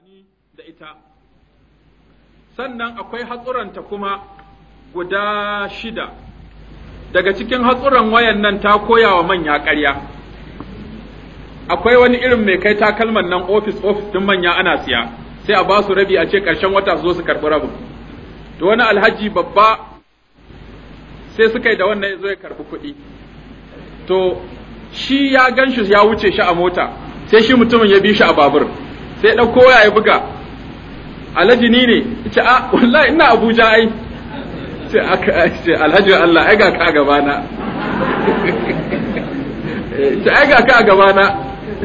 amfani da ita sannan akwai hatsuranta kuma guda shida daga cikin hatsuran wayan nan ta koya wa manya ƙarya akwai wani irin mai kai takalman nan ofis ofis din manya ana siya sai a ba su rabi a ce ƙarshen wata su zo su karɓi rabin to wani alhaji babba sai suka yi da wannan zo karɓi kuɗi to shi ya ganshi ya wuce shi a mota sai shi mutumin ya bi shi a babur sai ɗan koya ya buga alhaji ni ne ce a ah, wallahi ina abuja ai ce alhaji Allah ai ga ka a gabana ce ai ga ka a gabana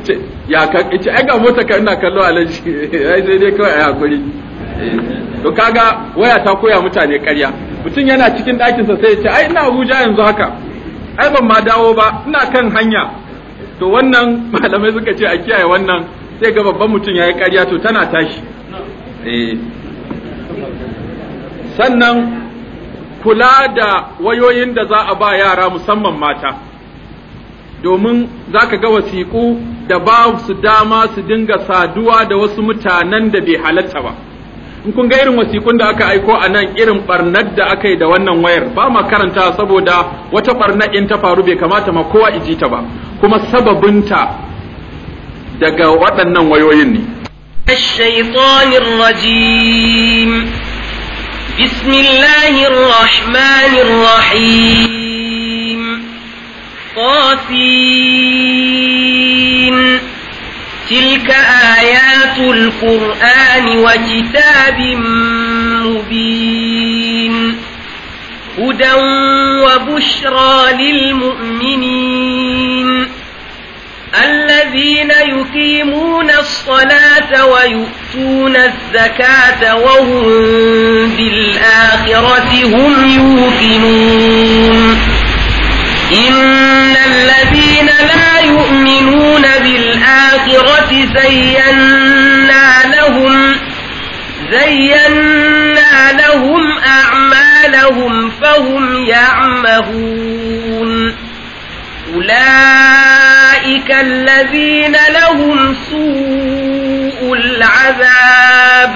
ce ya ka ce ai ga mota ka ina kallo alhaji ai sai dai kawai ai hakuri to kaga waya ta koya mutane ƙarya mutum yana cikin ɗakinsa sai ya ce ai ina abuja yanzu haka ai ban ma dawo ba ina kan hanya to wannan malamai suka ce a kiyaye wannan sai ga babban mutum ya yi ƙarya to tana tashi eh. sannan kula da wayoyin da za a ba yara musamman mata domin za ka ga wasiƙu da ba su dama su dinga saduwa da wasu mutanen da bai halatta ba in kun ga irin wasiƙun da aka aiko a nan irin barnar da aka yi da wannan wayar ba ma karanta saboda wata barnar in ta faru bai kamata ma kowa iji ta ba kuma sababinta daga waɗannan wayoyin ne الشيطان الرجيم بسم الله الرحمن الرحيم قاسين تلك آيات القرآن وكتاب مبين هدى وبشرى للمؤمنين الذين يقيمون الصلاة ويؤتون الزكاة وهم بالآخرة هم يوقنون إن الذين لا يؤمنون بالآخرة زينا لهم زينا لهم أعمالهم فهم يعمهون أولئك الذين لهم سوء العذاب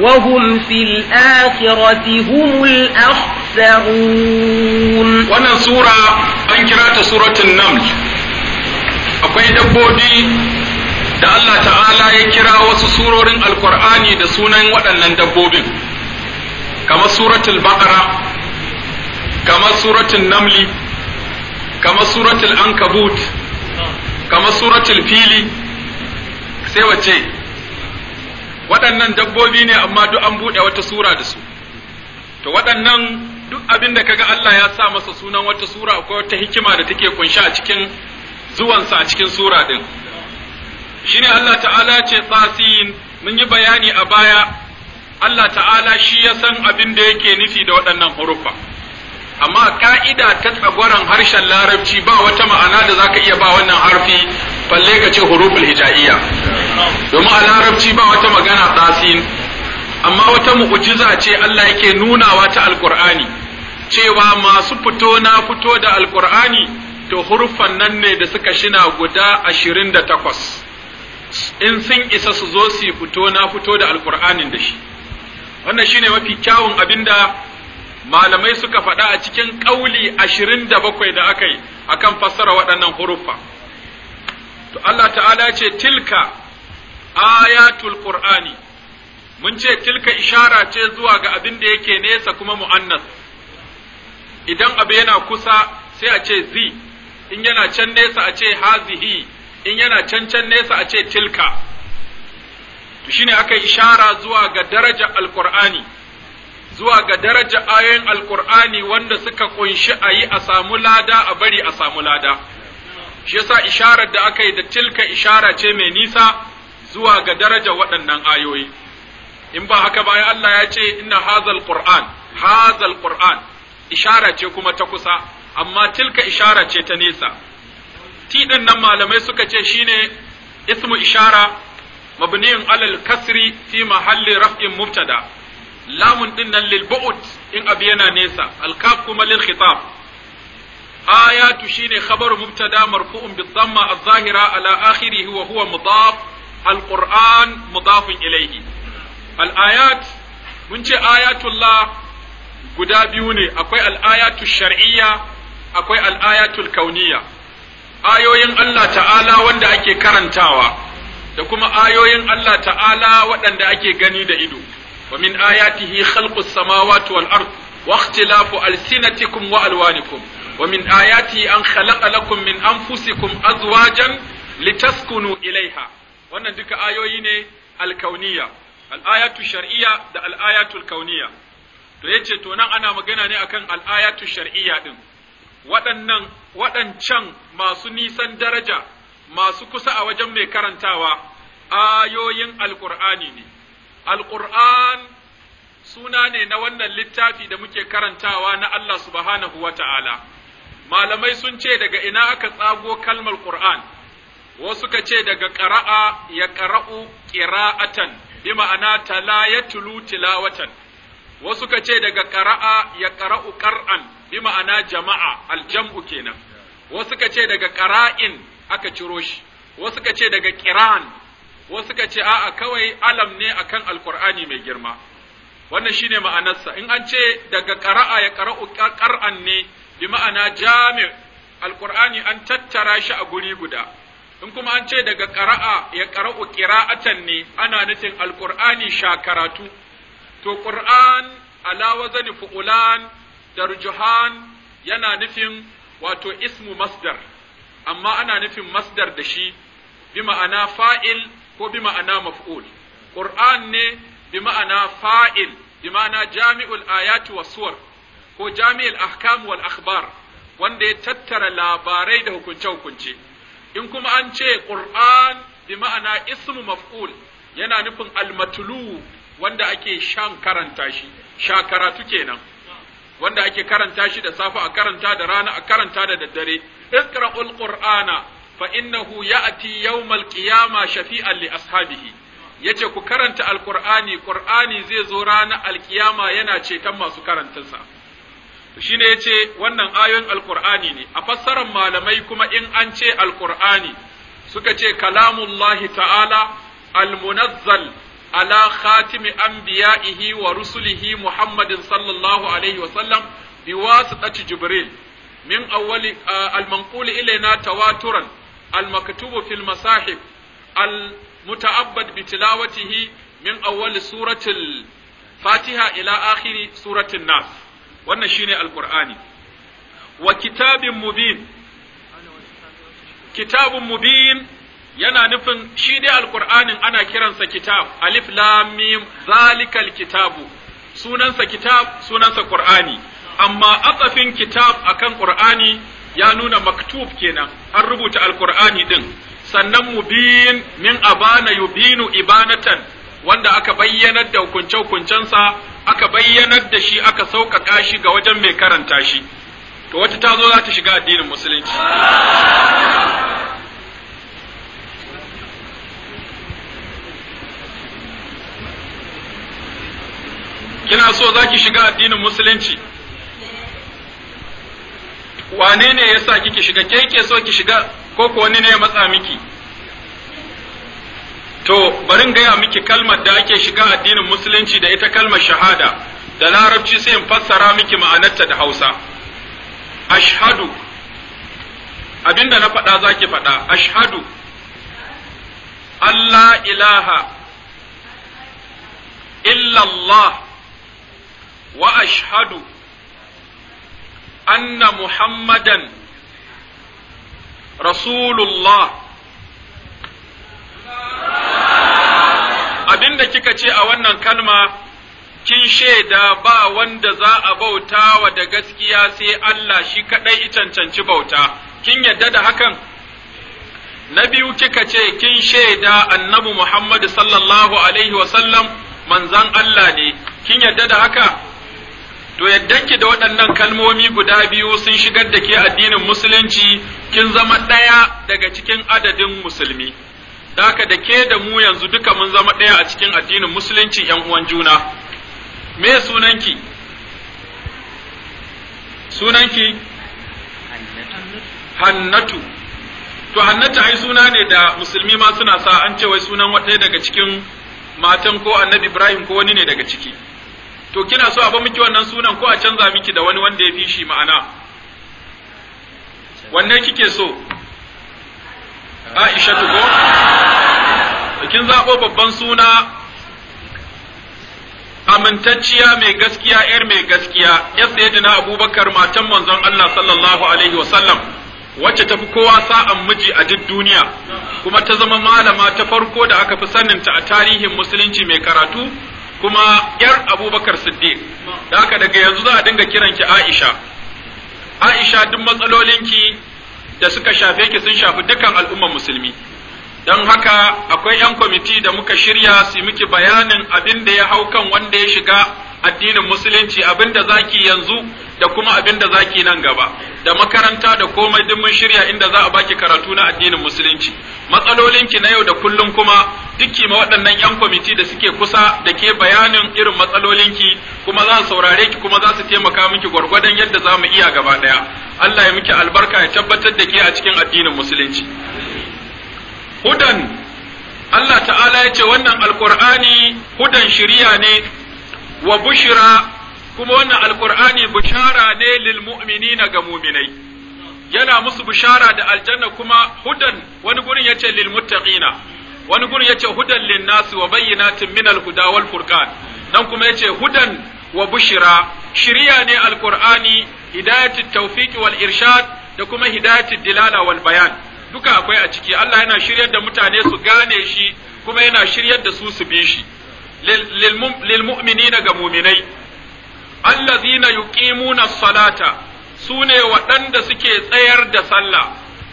وهم في الآخرة هم الأخسرون وانا سورة أنكرات سورة النمل akwai dabbobi da Allah ta'ala ya kira wasu surorin alkur'ani da sunan waɗannan dabbobin kamar suratul baqara kamar suratul namli kamar suratul ankabut kamar suratul fili sai wace waɗannan dabbobi ne amma duk an buɗe wata sura da su to waɗannan duk abin da kaga Allah ya sa masa sunan wata sura akwai wata hikima da take kunshi a cikin zuwansa a cikin sura din shine Allah ta'ala ce tsasin mun yi bayani a baya Allah ta'ala shi ya san abin da yake nufi da waɗannan huruffa amma ka'ida ta tsagwaron harshen larabci ba wata ma'ana da zaka iya ba wannan harfi falle ka ce huruful hijaiya domin a larabci ba wata magana tsasin amma wata mu'ujiza ce Allah yake nunawa ta alkur'ani cewa masu fito na fito da alkur'ani to huruffan nan ne da suka shina guda ashirin da takwas in sun isa su zo su fito na fito da alqur'anin da shi wannan shine mafi kyawun abinda malamai suka faɗa a cikin ƙauli ashirin da bakwai da aka yi a kan fassara waɗannan huruffa. To Allah ta'ala ce tilka ayatul Qur'ani mun ce tilka ishara ce zuwa ga abin da yake nesa kuma mu'annas idan abu yana kusa sai a ce zi in yana can nesa a ce hazihi in yana can can nesa a ce tilka to shine aka ishara zuwa ga daraja alqur'ani zuwa ga daraja ayoyin alkur'ani wanda suka kunshi a yi a samu lada a bari a samu lada shi yasa isharar da aka yi da tilka ishara ce mai nisa zuwa ga daraja waɗannan ayoyi in ba haka ba Allah ya ce inna hazal qur'an hazal qur'an ishara ce kuma ta kusa amma tilka ishara ce ta nesa ɗin nan malamai suka ce shine ismu ishara mabniin alal kasri fi mahalli raf'in mubtada' lamun din nan lil in abu yana nesa alkaf kuma lil khitab ayatu shine khabaru mubtada marfu'un bi dhamma az-zahira ala akhirih wa huwa mudaf al mudafun ilayhi al mun ce ayatullah guda biyu ne akwai al'ayatu ayatu shar'iyya akwai al'ayatul kauniyya ayoyin Allah ta'ala wanda ake karantawa da kuma ayoyin Allah ta'ala waɗanda ake gani da ido wa min ayatihi khalqus samawati wal ard wa ikhtilafu alsinatikum wa alwanikum wa min ayatihi an khalaqa lakum min anfusikum azwajan litaskunu ilaiha wannan duka ayoyi ne alkauniya al'ayatu shari'a da al'ayatu kauniya to yace to ana magana ne akan al'ayatu shar'iyya din waɗannan waɗancan masu nisan daraja masu kusa a wajen mai karantawa ayoyin Alƙur'ani ne Alƙur'an suna ne na wannan littafi da muke karantawa na Allah subhanahu wa ta'ala. Malamai sun ce daga ina aka tsago kalmar Ƙur'an, wasu ka ce daga ƙara'a ya ƙara'u ƙira'atan, bi ma'ana tala ya tulu tilawatan, wasu ka ce daga ƙara'a ya ƙara'u ƙar'an, bi ma'ana jama'a, aljam'u kenan, wasu ka ce daga ƙara'in aka ciro shi, wasu ka ce daga ƙira'an. wasu ka ce a'a kawai alam ne akan alkur'ani mai girma wannan shine ma'anarsa in an ce daga qara'a ya qara'u qar'an ne bi ma'ana jami' alqur'ani an tattara shi a guri guda in kuma an ce daga qara'a ya qara'u qira'atan ne ana nufin alkur'ani shakaratu to qur'an ala wazani fu'ulan darjuhan yana nufin wato ismu masdar amma ana nufin masdar da shi bi ma'ana fa'il ko bi ma'ana maf'ul qur'an ne bi ma'ana fa'il bi ma'ana jami'ul ayati was suwar ko jami'ul ahkam wal akhbar wanda ya tattara labarai da hukunce hukunce in kuma an ce qur'an bi ma'ana ismu maf'ul yana nufin almatulu wanda ake shan karanta shi sha karatu kenan wanda ake karanta shi da safe a karanta da rana a karanta da daddare iqra'ul qur'ana Fa'innahu innahu ya'ti yawmal qiyama shafi'an li yace ku karanta alkur'ani qur'ani zai zo ranar alkiyama yana ceton masu karantarsa. to shine yace wannan ayoyin alkur'ani ne a fassarar malamai kuma in an ce alkur'ani suka ce kalamullahi ta'ala almunazzal ala khatimi anbiya'ihi wa rusulihi muhammadin sallallahu alaihi wa sallam jibril min awwali ilaina tawaturan المكتوب في المصاحف المتعبد بتلاوته من أول سورة Fatiha ila آخر suratin nas. wannan shine alqur'ani wa kitabin mubin kitabun mubin yana nufin shi dai alqur'anin ana kiransa kitab alif lam mim zalikal kitabu sunansa kitab sunansa ƙur'ani. amma atsafin kitab akan ƙur'ani. ya nuna maktub kenan an rubuta alkur'ani din sannan mubin min abana yubinu ibanatan wanda aka bayyanar da hukunce-hukuncensa aka bayyanar da shi aka sauƙaƙa shi ga wajen mai karanta shi to wata ta zo za ta shiga addinin musulunci kina so za ki shiga addinin musulunci wane ne ya sa kike shiga ke ke so ki shiga ko ko wani ne ya matsa miki to barin gaya miki kalmar da ake shiga addinin musulunci da ita kalmar shahada da larabci sai in fassara miki ma'anarta da hausa ashhadu abinda na faɗa za ki faɗa ashhadu Allah ilaha illallah wa ashhadu رسول muhammadan rasulullah abinda kika ce a wannan kalma kin shaida ba wanda za a bauta wa da gaskiya sai Allah shi kadai cancanci bauta kin yadda da hakan na biyu kika ce kin shaida annabi Muhammad sallallahu alaihi wasallam manzan Allah ne kin yadda da haka to yaddanki da waɗannan kalmomi guda biyu sun shigar da ke addinin musulunci kin zama ɗaya daga cikin adadin musulmi daka da ke da mu yanzu duka mun zama ɗaya a cikin addinin musulunci ‘yan uwan juna me sunanki sunanki hannatu to hannatu ai suna ne da musulmi ma suna sa an ce wai sunan wata daga cikin matan ko annabi ibrahim ko wani ne daga ciki to kina so a ba miki wannan sunan ko a canza miki da wani wanda ya fi shi ma'ana wanne kike so Aisha ko kin zabo babban suna amintacciya mai gaskiya ‘yar mai gaskiya, ‘yar sayyidina abubakar matan manzon Allah sallallahu Alaihi wasallam, wacce tafi kowa sa'an miji a duk duniya, kuma ta zama malama ta farko da aka fi saninta a tarihin musulunci mai karatu, kuma yar abubakar siddiq da haka daga yanzu za a dinga kiran ki aisha aisha duk matsalolinki da suka shafe ki sun shafi dukkan al'ummar musulmi don haka akwai 'yan kwamiti da muka shirya su miki bayanin abin da ya hau kan wanda ya shiga addinin musulunci abin da zaki yanzu da kuma abin da zaki nan gaba da makaranta da komai duk mun shirya inda za a baki karatu na addinin musulunci matsalolinki na yau da kullum kuma dukki ma waɗannan 'yan kwamiti da suke kusa da ke bayanin irin matsalolinki kuma za su saurare ki kuma za su taimaka miki gwargwadon yadda za mu iya gaba ɗaya Allah ya miki albarka ya tabbatar da ke a cikin addinin musulunci hudan Allah ta'ala ya ce wannan alkur'ani hudan shiriya ne wa bushira kuma wannan alkur'ani bushara ne lil mu'minina ga muminai yana musu bishara da aljanna kuma hudan wani gurin yace ce, muttaqina wani gurin yace hudan lin nasi wa bayyinatin min al wal furqan nan kuma yace hudan wa bushira shiriya ne alqur'ani hidayatu tawfiq wal irshad da kuma hidayatu dilala wal bayan duka akwai a ciki Allah yana shiryar da mutane su gane shi kuma yana shiryar da su su bi shi lil mu'minina ga mu'minai allazina yuqimuna salata su ne waɗanda suke tsayar da sallah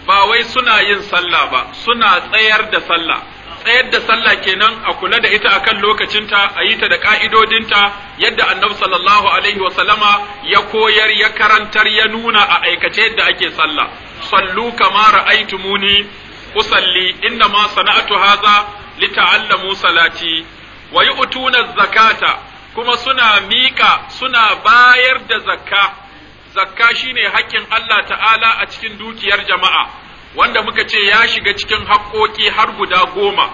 ba wai suna yin sallah ba suna tsayar da sallah tsayar da sallah kenan a kula da ita akan lokacinta a yi ta da ka'idodinta yadda annabi sallallahu alaihi wa sallama ya koyar ya karantar ya nuna a aikace yadda ake sallah sallu kama ra'aytumuni usalli inna ma sana'atu hadha lita'allamu salati wa yu'tuna zakata kuma suna mika suna bayar da zakka zakka shine hakkin Allah ta'ala a cikin dukiyar jama'a wanda muka ce ya shiga cikin haƙƙoƙi har guda goma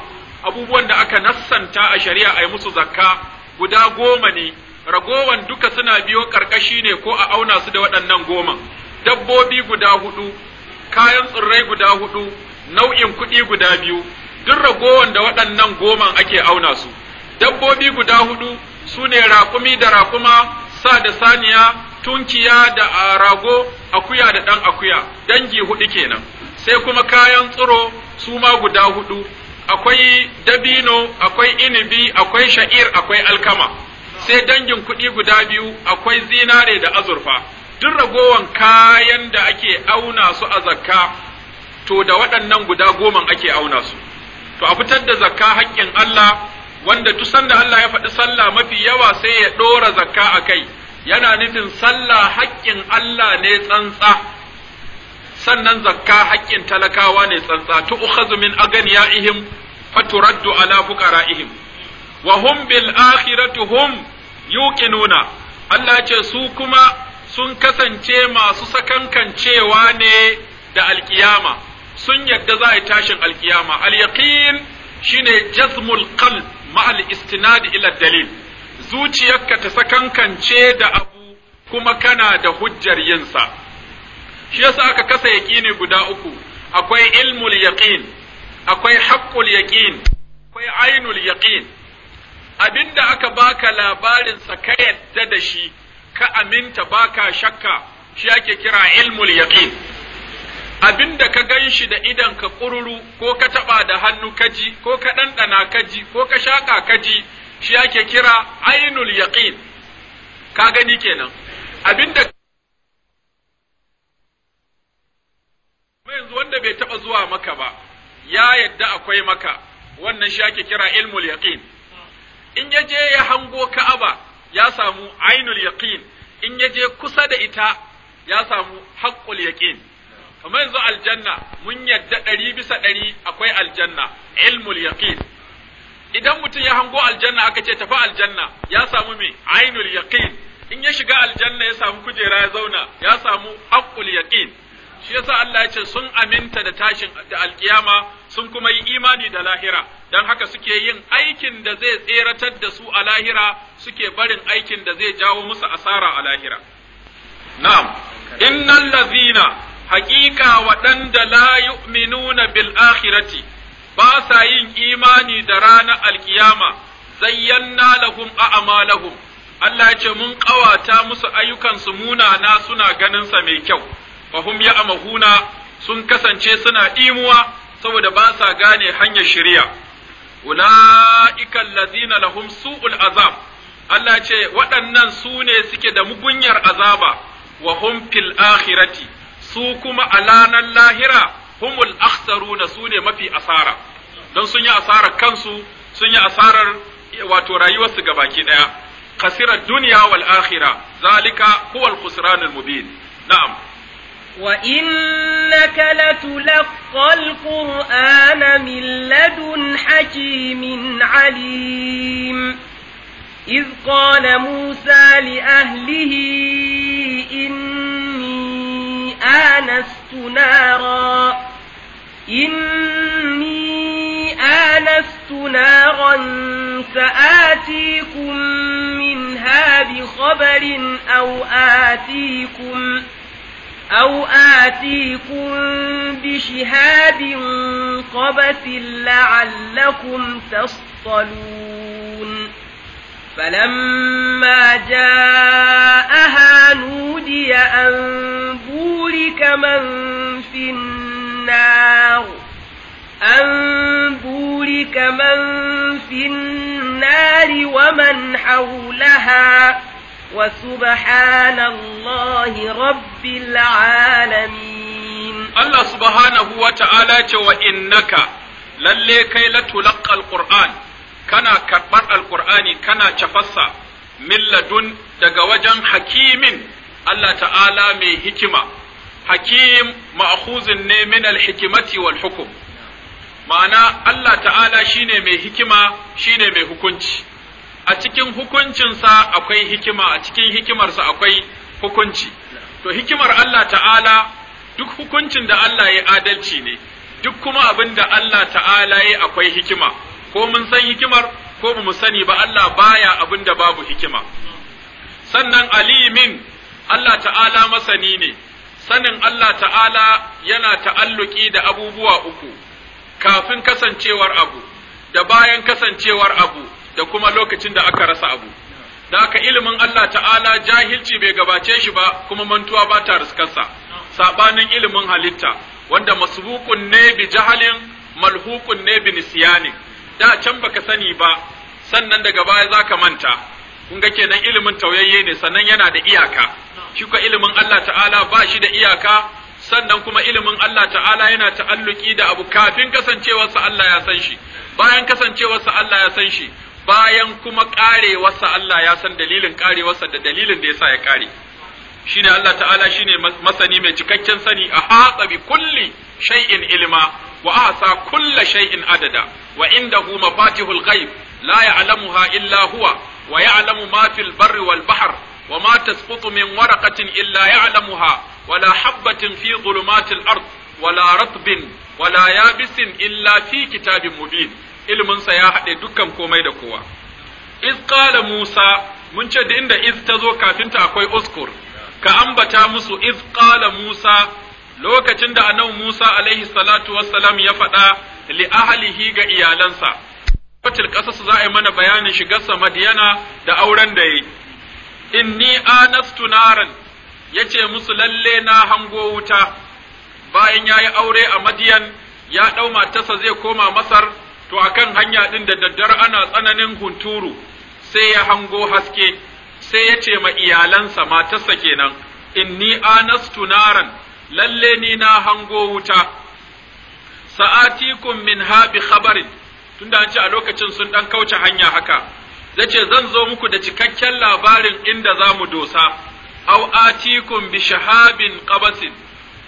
abubuwan da aka nassanta a shari'a a yi musu zakka guda goma ne ragowan duka suna biyo ƙarƙashi ne ko a auna su da waɗannan goma dabbobi guda hudu kayan tsirrai guda hudu nau'in kuɗi guda biyu duk ragowan da waɗannan goman ake auna su dabbobi guda hudu su ne raƙumi da raƙuma sa da saniya tunkiya da Arago akuya da ɗan akuya dangi hudu kenan sai kuma kayan tsiro su ma guda hudu akwai dabino akwai inibi akwai sha'ir akwai alkama sai dangin kuɗi guda biyu akwai zinare da azurfa duk ragowan kayan da ake auna su a zakka to da waɗannan guda goman ake auna su to a fitar da zakka haƙƙin Allah wanda duk sanda Allah ya faɗi sallah mafi yawa sai ya ɗora zakka a kai yana nufin sallah haƙƙin Allah ne tsantsa sannan zakka haƙƙin talakawa ne tsantsa tu'khadhu min aganiyaihim faturaddu ala ihim. wa hum bil akhirati hum yuqinuna Allah ce su kuma sun kasance masu sakankancewa ne da alkiyama sun yadda za a yi tashin alkiyama al yaqin shine jazmul qalb ma'al al istinad ila dalil zuciyarka ta sakankance da abu kuma kana da hujjar yinsa shi yasa aka kasa yaƙini guda uku akwai ilmul yaƙin, akwai haqqul yaƙin, akwai ainul yaqin abinda aka baka labarin sa ka yadda da shi ka aminta baka shakka shi ake kira ilmul yaqin abinda ka ganshi da idan ka ƙururu ko ka taɓa da hannu kaji ko ka ɗanɗana kaji ko ka shaƙa kaji shi ake kira ainul yaqin ka gani kenan abinda yanzu wanda bai taba zuwa maka ba ya yadda akwai maka wannan shi ake kira ilmul yaqin in ya je ya hango ka'aba ya samu ainul yaqin in ya je kusa da ita ya samu haqqul yaqin kamar yanzu aljanna mun yadda ɗari bisa ɗari akwai aljanna ilmul yaqin idan mutum ya hango aljanna aka ce tafi aljanna ya samu me ainul yaqin in ya shiga aljanna ya samu kujera ya zauna ya samu aqul yaqin shi yasa Allah ya ce sun aminta da tashin da alkiyama sun kuma yi imani da lahira dan haka suke yin aikin da zai tseratar da su a lahira suke barin aikin da zai jawo musu asara a lahira na'am innal lazina haqiqa waɗanda la yu'minuna bil akhirati ba sa yin imani da ranar alkiyama zayyanna lahum a'malahum Allah ya ce mun ƙawata musu ayyukansu munana suna ganinsa mai kyau, fahum ya amahuna sun kasance suna ɗimuwa saboda ba sa gane hanyar shirya. Ula'ikan Ladina lahum su'ul azab, Allah ce waɗannan su ne suke da mugunyar azaba, wa hum fil akhirati, su kuma a lahira humul akhtaruna su ne mafi asara don sun yi asarar kansu sun yi asarar wato rayuwarsu gabaki daya khasira dunya wal akhirah zalika huwa al khusran al mubin na'am وإنك لتلقى القرآن من لدن حكيم عليم إذ قال موسى لأهله إني آنست نارا إني آنست نارا سآتيكم منها بخبر أو آتيكم أو آتيكم بشهاب قبس لعلكم تصطلون فلما جاءها نودي أن بورك من في النار النار أن بورك من في النار ومن حولها وسبحان الله رب العالمين الله سبحانه وتعالى وإنك lalle kai la tulaqqal qur'an kana karbar alqur'ani kana cafassa min ladun daga wajen hakimin Allah ta'ala mai hikima hakim ma'khuzun ne min al-hikimati wal hukum ma'ana Allah ta'ala shine mai hikima shine mai hukunci a cikin hukuncinsa akwai hikima a cikin hikimarsa akwai hukunci to hikimar Allah ta'ala duk hukuncin da Allah ya adalci ne duk kuma abin da Allah ta'ala ya akwai hikima ko mun san hikimar ko ba mu sani ba Allah baya abin da babu hikima sannan alimin Allah ta'ala masani ne sanin Allah ta'ala yana ta'alluki da abubuwa uku, kafin kasancewar abu, da bayan kasancewar abu, da kuma lokacin da aka rasa abu. Da aka ilimin Allah ta'ala jahilci bai gabace shi ba kuma mantuwa ba ta riskarsa, saɓanin ilimin halitta, wanda masbukun ne bi jahalin malhukun ne bi nisiyanin, da can baka sani ba, sannan daga baya za ka manta, kun ga kenan ilimin tauyayye ne sannan yana da iyaka. shi ilimin Allah ta'ala ba shi da iyaka sannan kuma ilimin Allah ta'ala yana ta'alluki da abu kafin kasancewarsa Allah ya san shi bayan kasancewarsa Allah ya san shi bayan kuma karewarsa Allah ya san dalilin karewarsa da dalilin da ya sa ya kare shine Allah ta'ala shine masani mai cikakken sani a hatsa bi kulli shay'in ilma wa ahsa shai'in shay'in adada wa inda hu mafatihul ghaib la ya'lamuha illa huwa wa ya'lamu ma fil barri wal bahr wa ma tasqutu min waraqatin illa wala habatin fi dhulumatil ard wala ratbin wala yabisin illa fi kitabin mubin ilmin sa ya haɗe dukkan komai da kowa iz qala musa mun ce da inda iz tazo kafin ta akwai uskur ka ambata musu iz qala musa lokacin da a annabi Musa alaihi salatu wassalam ya faɗa li ahlihi ga iyalansa. Fatil ƙasas za a yi mana bayanin shiga Madiyana da auren da yi, inni anastu naran yace musu lalle na hango wuta bayan yayi aure a Madiyan ya dau matarsa zai koma Masar to akan hanya ɗin da daddare ana tsananin hunturu sai ya hango haske sai ya ce ma iyalansa matarsa kenan inni anastu naran lalle ni na hango wuta sa'atikum min habi khabarin tunda an ce a lokacin sun ɗan kauce hanya haka yace zan zo muku da cikakken labarin inda za mu dosa, au atikum bi shahabin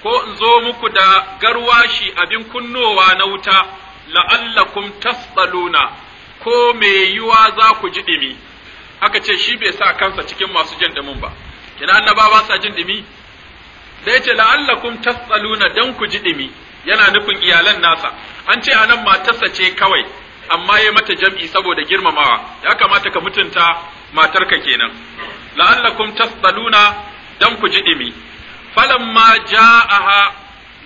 ko in zo muku da garwashi abin kunnowa na wuta, la'allakum tasbaluna ko mai yiwa za ku ji ɗimi. Aka ce shi bai sa kansa cikin masu jan damin ba, kina annaba ba sa jin ɗimi? Da yace la'allakum tasbaluna dan ku ji ɗimi, yana nufin iyalan nasa, an ce anan matarsa ce kawai, amma ya mata jam'i saboda girmamawa ya kamata ka mutunta matarka kenan la'allakum tasdaluna dan ku ji dimi falamma ja'aha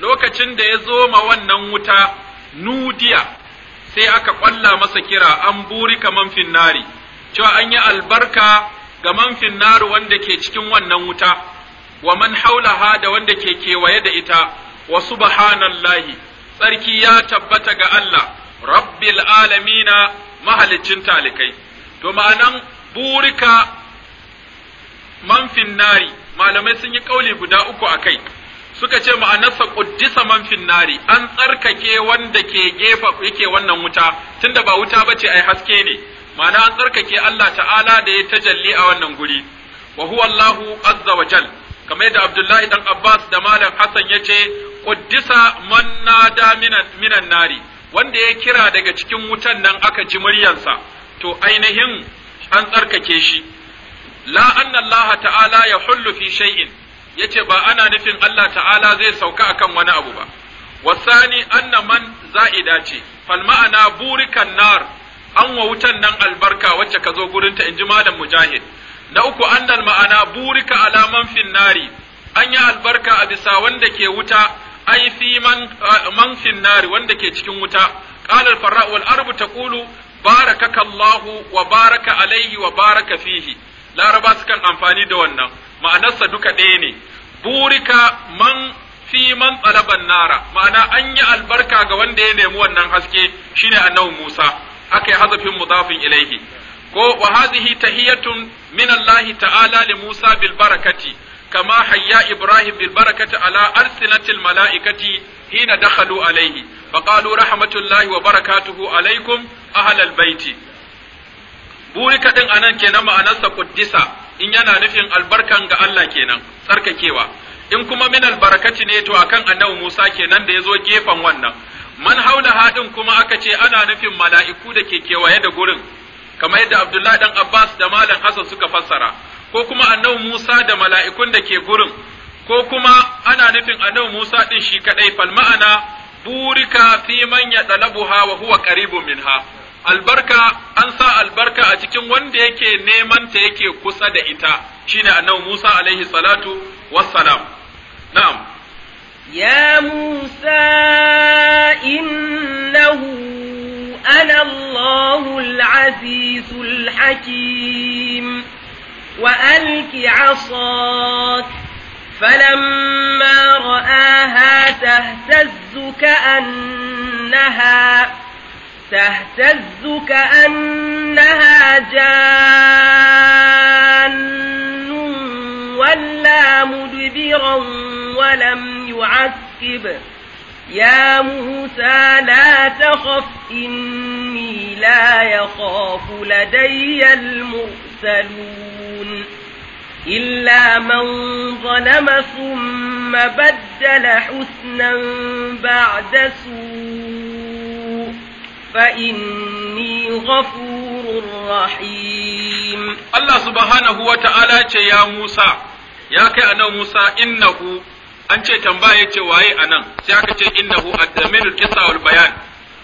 lokacin da ya zo ma wannan wuta nudiya sai aka ƙwalla masa kira an buri kaman finnari cewa an yi albarka ga man finnari wanda ke cikin wannan wuta wa man haulaha da wanda ke kewaye da ita wa subhanallahi tsarki ya tabbata ga Allah rabbil alamina mahalicin talikai to ma'anan burika manfin nari malamai sun yi kauli guda uku a kai suka ce ma'anarsa ƙuddisa manfin nari an tsarkake wanda ke gefa yake wannan wuta tunda ba wuta bace ai haske ne ma'ana an tsarkake Allah ta'ala da ya tajalli a wannan guri wa huwa Allahu azza wa jal kamar yadda Abdullahi dan Abbas da Malam Hassan yace ƙuddisa man nada minan nari wanda ya kira daga cikin wutan nan aka ji muryansa to ainihin an tsarkake shi la anna ta'ala ya hullu fi shay'in yace ba ana nufin Allah ta'ala zai sauka akan wani abu ba wasani anna man za'ida ce fal ma'ana burikan nar an wa wutan nan albarka wacce ka zo ta inji malam mujahid na uku annal ma'ana burika alaman finnari. an yi albarka a bisa wanda ke wuta ai fi man man wanda ke cikin wuta qala fara'u farra wal arbu taqulu barakaka wa baraka alaihi wa baraka fihi laraba sukan amfani da wannan ma'anarsa duka ɗaya ne burika man fi man tsalaban nara ma'ana an yi albarka ga wanda ya nemi wannan haske shine annabi Musa aka yi hazafin mudafin ilaihi ko wa hadhihi tahiyatun min Allah ta'ala li Musa bil barakati kama hayya Ibrahim bil barakati ala alsinatil mala'ikati hina dakhalu alayhi fa qalu rahmatullahi wa barakatuhu alaykum ahlal baiti burika din anan kenan ma'anarsa kuddisa in yana nufin albarkan ga Allah kenan tsarkakewa in kuma min albarakati ne to akan annabi Musa kenan da ya zo gefen wannan man haula hadin kuma aka ce ana nufin mala'iku da ke kewaye da gurin kamar yadda Abdullahi dan Abbas da Malam Hassan suka fassara ko kuma annabi Musa da mala'ikun da ke gurin ko kuma ana nufin annabi Musa ɗin shi kaɗai, fal ma'ana burika fi man yadalabuha wa huwa qaribun minha albarka an sa albarka a cikin wanda yake neman ta yake kusa da ita shine annabi Musa alaihi salatu wassalam na'am ya Musa innahu ana Allahul Azizul Hakim. وألك عصاك فلما رآها تهتز كأنها تهتز كأنها جان ولا مدبرا ولم يعقب يا موسى لا تخف إني لا يخاف لدي المرسل يرسلون إلا من ظلم ثم بدل حسنا بعد سوء فإني غفور رحيم الله سبحانه وتعالى يا موسى يا كأنا موسى إنه an ce tambaye ce waye anan sai aka ce innahu ad-damirul kisa wal bayan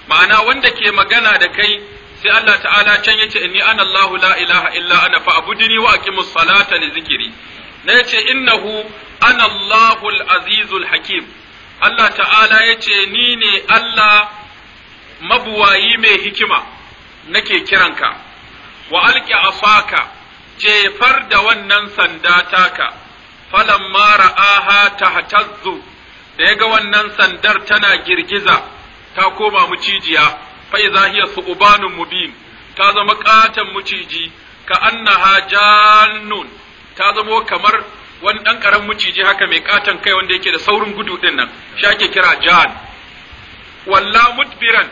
ma'ana wanda ke magana da kai sai Allah ta'ala can yace inni ana Allahu la ilaha illa ana fa'budni wa aqimus salata li zikri na yace innahu ana Allahu azizul hakim Allah ta'ala yace ni ne Allah mabuwayi mai hikima nake kiranka wa alqi afaka jefar da wannan sanda taka aha ta tahtazzu da ya ga wannan sandar tana girgiza ta koma cijiya. zahiyar su hiya mu mubin ta zama ƙaton muciji ka annaha jannun ta zama kamar wani ɗan ƙaramin maciji haka mai ƙaton kai wanda yake da saurin gudu ɗin nan shi ke kira jan walla mutbiran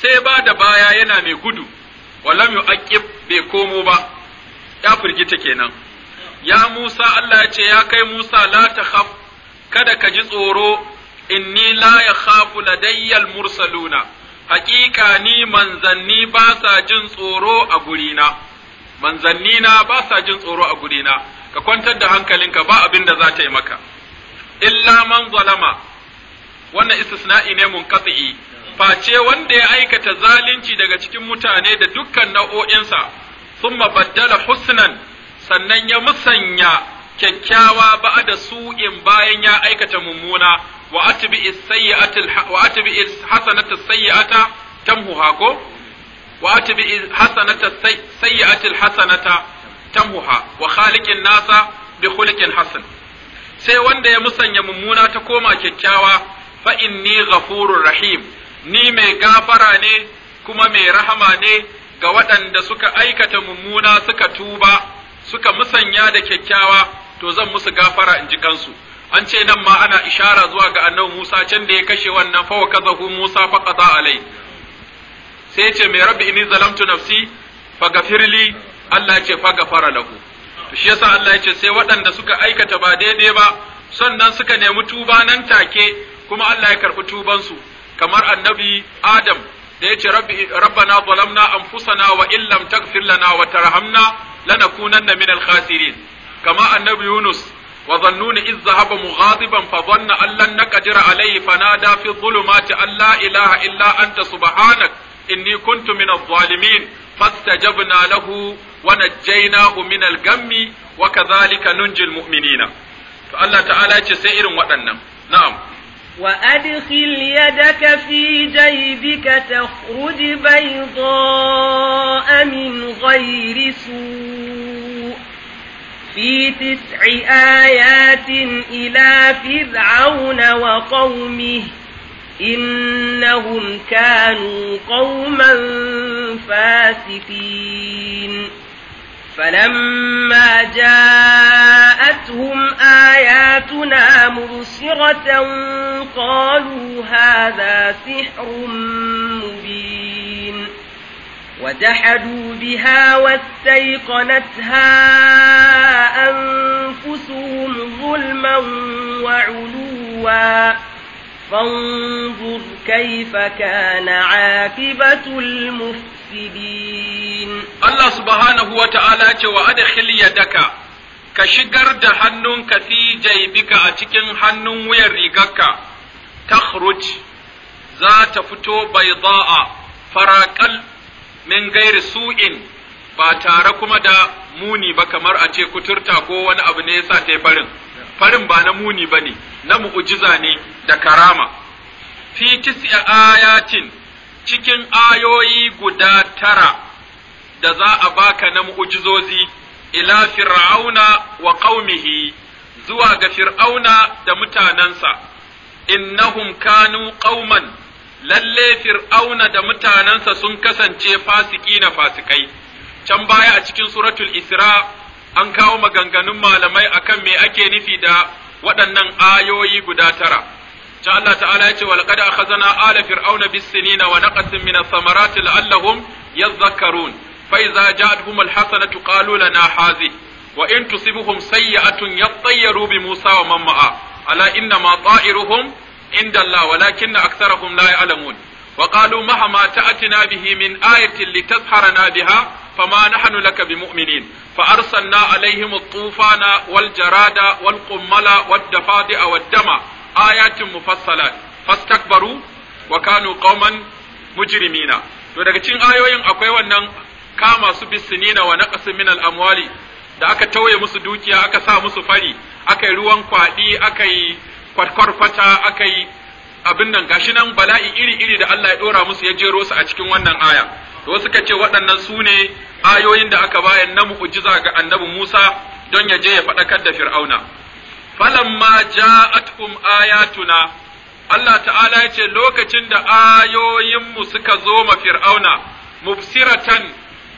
sai ba da baya yana mai gudu wallam yu'aqib bai komo ba ya firgita kenan ya Musa Allah ya ce ya kai Musa la takhaf kada ka ji tsoro inni la yakhafu ladayyal mursaluna hakika ni manzanni ba sa jin tsoro a gurina, manzanni na ba sa jin tsoro a gurina, ka kwantar da hankalinka ba abin da za ta yi maka. Illa man zalama, wannan istisna'i ne mun katsi, face wanda ya aikata zalunci daga cikin mutane da dukkan nau'o'insa, sun baddala husnan sannan ya musanya kyakkyawa ba da su'in bayan ya aikata mummuna wa atbi as wa atbi hasanata as-sayyi'ata tamhuha ko wa atbi hasanata sayyi'ata al-hasanata tamhuha wa khaliqin nasa bi khuliqin hasan sai wanda ya musanya mummuna ta koma kyakkyawa fa inni ghafurur rahim ni mai gafara ne kuma mai rahama ne ga waɗanda suka aikata mummuna suka tuba suka musanya da kyakkyawa to zan musu gafara in ji kansu an ce nan ma ana ishara zuwa ga annabi Musa can da ya kashe wannan fa kazahu Musa fa qata alai sai ce mai rabbi inni zalamtu nafsi faghfirli Allah ce fa gafara lahu to shi yasa Allah yace sai waɗanda suka aikata ba daidai ba sannan suka nemi tuba nan take kuma Allah ya karɓi tubansu kamar annabi Adam da yace ce rabbana zalamna anfusana wa illam taghfir lana wa tarhamna lanakunanna minal khasirin kama annabi Yunus wa nuna iz zahaba mughadiban fa dhanna an lan naqdira alayhi fanada fi dhulumati an la ilaha illa anta subhanak inni kuntu min adh-dhalimin fastajabna lahu wa najjaynahu min al-ghammi wa mu'minina to Allah ta'ala ce sai irin waɗannan na'am وأدخل يدك في جيبك تخرج بيضاء من غير سوء في تسع آيات إلى فرعون وقومه إنهم كانوا قوما فاسقين فلما جاءتهم آياتنا مبصرة قالوا هذا سحر مبين وجحدوا بها واستيقنتها أنفسهم ظلما وعلوا فانظر كيف كان عاقبة المفسدين الله سبحانه وتعالى وأدخل يدك كشجر دهنن كثي جيبك أتكن حنن ويريقك تخرج ذات فتو بيضاء فراك الأرض min gairi su'in ba tare kuma da muni ba kamar a ce kuturta ko wani abu ne yasa ta farin farin ba na muni ba ne na mu'ujiza ne da karama fi tis'a ayatin cikin ayoyi guda tara da za a baka na mu'ujizozi ila fir'auna wa qaumihi zuwa ga fir'auna da mutanansa innahum kanu qauman lalle fir'auna da mutanensa sun kasance fasiki na fasikai can baya a cikin suratul isra an kawo maganganun malamai akan me ake nufi da waɗannan ayoyi guda tara ta Allah ta'ala yace wa laqad akhazna ala fir'auna bis-sinina wa naqatin min ath-thamarati la'allahum yadhakkarun fa idza ja'atuhum al-hasanatu qalu lana hazi wa in tusibuhum sayyi'atun yattayyaru bi Musa wa man ma'a ala inna ma ta'iruhum inda Allah walakinna aktharahum la ya'lamun wa qalu mahama ta'atina bihi min ayatin litasharana biha fama nahnu laka bimu'minin fa arsalna alaihim at-tufana wal jarada wal qummala wad dafadi'a wad dama ayatin mufassalat fastakbaru wa kanu mujirimina. mujrimina to daga cikin ayoyin akwai wannan kama su bisinina wa naqsin min al da aka tauye musu dukiya aka sa musu fari aka ruwan kwaɗi akayi. kwarkwarkwata aka yi abin nan gashi nan bala'i iri-iri da Allah ya ɗora musu ya jero su a cikin wannan aya. To wasu ce waɗannan su ne ayoyin da aka bayan na mu'ujiza ga annabi Musa don ya je ya faɗakar da Fir'auna. Falamma ja'atkum ayatuna Allah ta'ala ya ce lokacin da ayoyinmu suka zo ma Fir'auna mubsiratan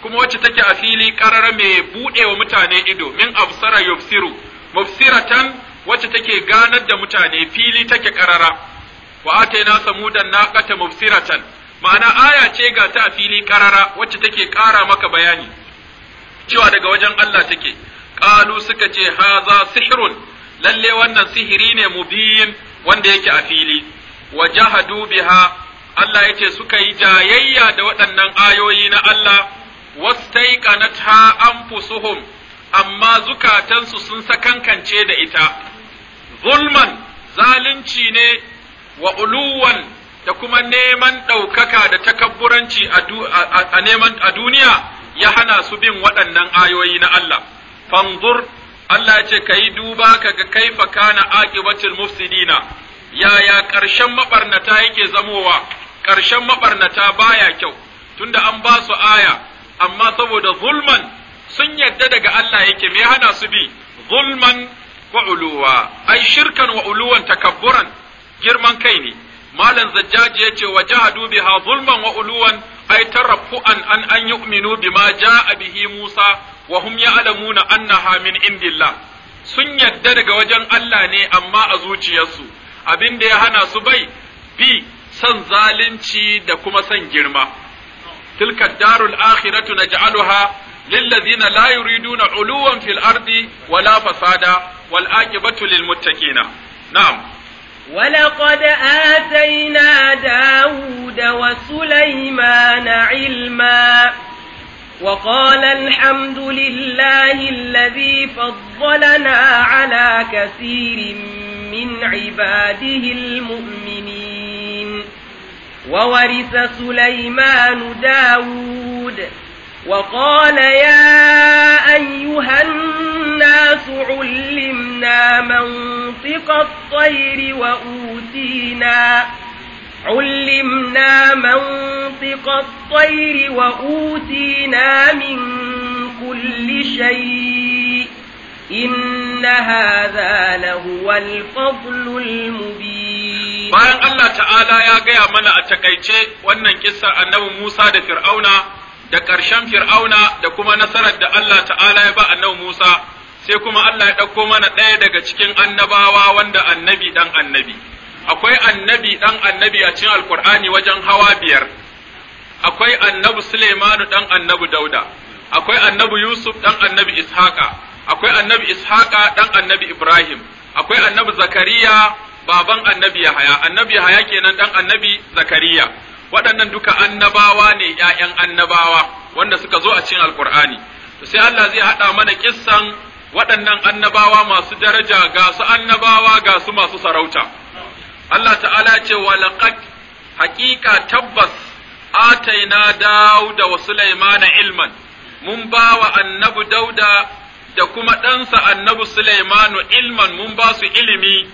kuma wacce take a fili ƙarar mai buɗewa mutane ido min absara yubsiru mubsiratan wacce take ganar da mutane fili take karara wa na samudan naqata mubsiratan ma'ana aya ce ga ta fili karara wacce take kara maka bayani cewa daga wajen Allah take qalu suka ce haza sihrun lalle wannan sihiri ne mubin wanda yake a fili wajahadu biha Allah yace suka yi jayayya da waɗannan ayoyi na Allah wastaiqanatha anfusuhum amma zukatansu sun sakankance da ita zulman zalunci ne wa uluwan da kuma neman ɗaukaka da takabburanci a neman a duniya ya hana su bin waɗannan ayoyi na Allah fanzur Allah ce ka yi duba ka ga kaifa kana aqibatul mufsidina yaya ƙarshen maɓarnata yake zamowa ƙarshen maɓarnata baya kyau tunda an ba su aya amma saboda zulman sun yadda daga Allah yake me hana su bi zulman wa'uluwa uluwa ai shirkan wa'uluwan takabburan girman kai ne malam zajjaji yace wa dubi ha zulman wa'uluwan ai ai taraffu'an an an uminu bima a bihi Musa wa hum na annaha min indillah sun yadda daga wajen Allah ne amma a zuciyarsu abin da ya hana su bai bi san zalunci da kuma son girma tilka darul akhiratu naj'aluha lil ladina la yuriduna uluwan fil ardi wala fasada والآجبة للمتقين نعم ولقد آتينا داود وسليمان علما وقال الحمد لله الذي فضلنا على كثير من عباده المؤمنين وورث سليمان داود وقال يا أيها الناس علمنا منطق الطير وأوتينا علمنا منطق الطير وأوتينا من كل شيء إن هذا لهو الفضل المبين bayan Allah ta'ala ya gaya mana a takaice wannan kissar annabi Musa da Fir'auna da ƙarshen fir'auna da kuma nasarar da Allah ta'ala ya ba annabi Musa sai kuma Allah ya ɗauko mana ɗaya daga cikin annabawa wanda annabi ɗan annabi akwai annabi ɗan annabi a cikin alkur'ani wajen hawa biyar akwai annabi Suleimanu ɗan annabi Dauda akwai annabi Yusuf ɗan annabi Ishaqa akwai annabi Ishaqa ɗan annabi Ibrahim akwai annabi Zakariya baban annabi Yahaya annabi Yahaya kenan ɗan annabi Zakariya waɗannan duka annabawa ne ‘ya'yan annabawa wanda suka zo a cikin alkur'ani to sai Allah zai haɗa mana kissan waɗannan annabawa masu daraja ga su annabawa ga su masu sarauta Allah ta'ala ce wa laqad haƙiƙa tabbas ataina dauda wa sulaimana ilman mun bawa wa annabu dauda da kuma ɗansa annabu sulaimanu ilman mun ba su ilimi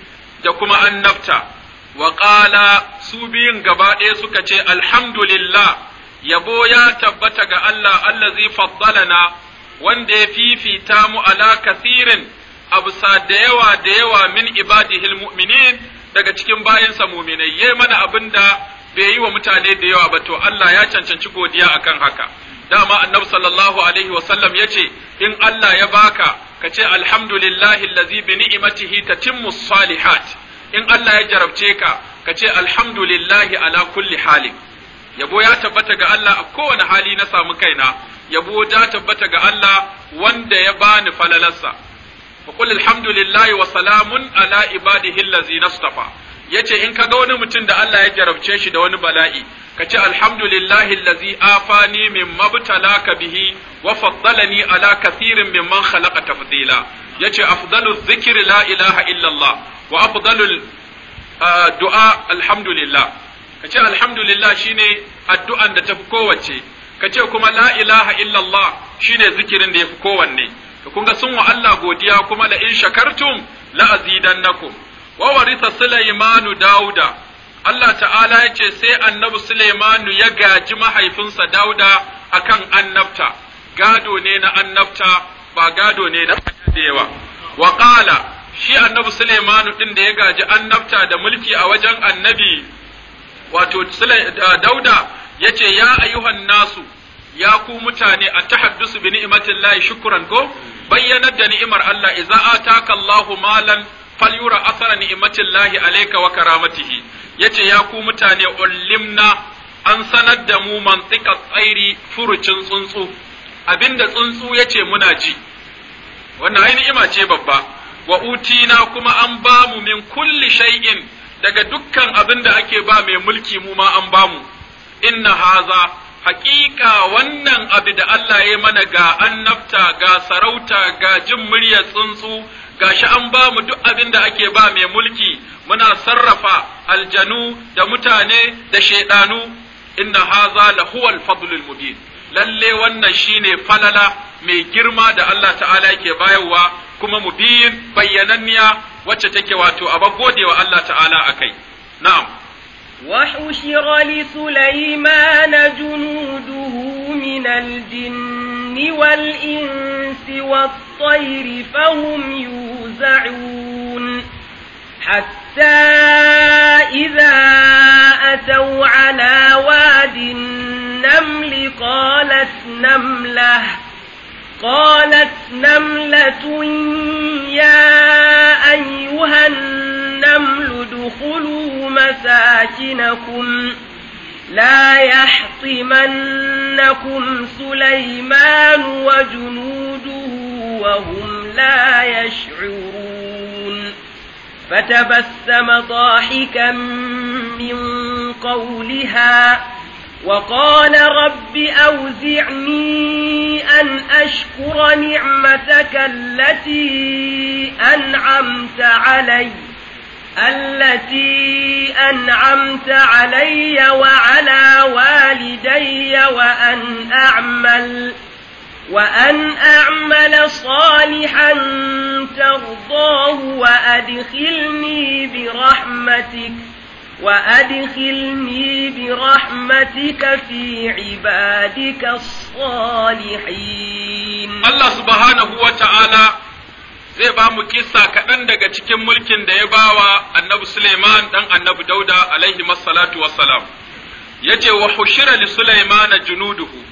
da kuma annabta Waƙala su biyun gaba ɗaya suka ce alhamdulillah yabo ya tabbata ga Allah allazi faddalana wanda ya fifita mu ala kathirin abusa da yawa da yawa min ibadihi mu'minin daga cikin bayansa mu'minai yayi mana abinda bai yi wa mutane da yawa ba to Allah ya cancanci godiya akan haka dama annabi sallallahu alaihi wasallam yace in Allah ya baka ka ce alhamdulillahi allazi bi ni'matihi tatimmu salihat in Allah ya jarabce ka ka ce alhamdulillahi ala kulli halin yabo ya tabbata ga Allah a kowane hali na samu kaina yabo ya tabbata ga Allah wanda ya bani falalarsa fa qul alhamdulillahi wa salamun ala ibadihi allazina istafa yace in kaga wani mutum da Allah ya jarabce shi da wani bala'i ka ce alhamdulillahi allazi afani min mabtalaka bihi wa faddalani ala kathirin mimman khalaqa tafdila yace afdalu dhikri la ilaha illallah wa afdalul du'a alhamdulillah kace alhamdulillah shine addu'an da tafi kowace kace kuma la ilaha illallah shine zikirin da yafi kowanne to kun ga sun wa Allah godiya kuma la in shakartum la azidannakum wa waritha Suleimanu dauda Allah ta'ala ya ce sai annabi Suleimanu ya gaji mahaifinsa dauda akan annabta gado ne na annabta ba gado ne na da yawa wa qala shi annabi Suleimanu ɗin da ya gaji annabta da mulki a wajen annabi wato dauda ya ce ya ayyuhan nasu ya ku mutane a tahaddusu bi ni'imatin lahi shukuran ko bayyanar da ni'imar Allah idza ataka Allahu malan falyura asara ni'imatin lahi alayka wa karamatihi yace ya ku mutane ullimna an sanar da mu tsika tsairi furucin tsuntsu abinda tsuntsu yace muna ji wannan ai ni'ima ce babba wa utina kuma an bamu min kulli shay'in daga dukkan abin da ake ba mai mulki mu ma an bamu inna haza haƙiƙa wannan abu da Allah ya mana ga annabta ga sarauta ga jin muryar tsuntsu gashi an bamu duk abin da ake ba mai mulki muna sarrafa aljanu da mutane da shaidanu inna haza la huwal fadlul mubin lalle wannan shine falala mai girma da Allah ta'ala yake bayarwa kuma bi bayyananniya wacce take wato a godewa Allah ta'ala akai na'am وحشر لسليمان جنوده من الجن والإنس والطير فهم يوزعون حتى إذا أتوا على واد النمل قالت نمله قالت نملة يا أيها النمل ادخلوا مساكنكم لا يحطمنكم سليمان وجنوده وهم لا يشعرون فتبسم ضاحكا من قولها وقال رب أوزعني أن أشكر نعمتك التي أنعمت علي التي أنعمت علي وعلى والدي وأن أعمل وأن أعمل صالحا ترضاه وأدخلني برحمتك وأدخلني برحمتك في عبادك الصالحين الله سبحانه وتعالى zai ba mu kisa kaɗan daga cikin mulkin da ya bawa annabi Suleiman ɗan annabi Dauda alaihi masallatu wassalam ya ce wa hushira li Suleimana junuduhu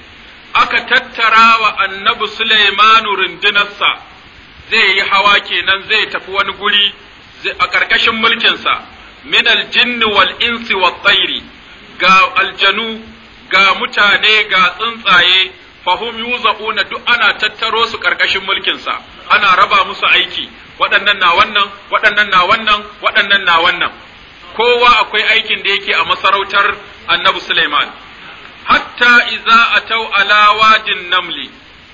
aka tattara wa annabi Suleimanu rundunarsa zai yi hawa kenan zai tafi wani guri a ƙarƙashin mulkinsa Minal aljinni wal insi ga aljanu ga mutane ga tsuntsaye fahum yuzauna duk ana tattaro su karkashin mulkin sa ana raba musu aiki waɗannan na wannan waɗannan na wannan waɗannan na wannan kowa akwai aikin da yake a masarautar annabi Sulaiman hatta iza a ala wadin namli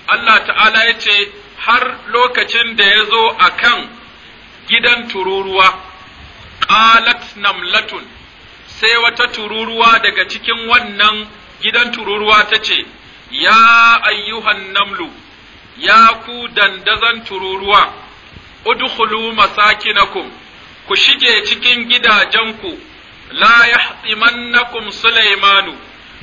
Allah ta'ala ya ce har lokacin da ya zo a kan gidan tururuwa qalat namlatun sai wata tururuwa daga cikin wannan gidan tururuwa ta ce ya ayyuhan namlu ya ku dandazan tururuwa udkhulu masakinakum ku shige cikin gidajenku la yahtimannakum sulaymanu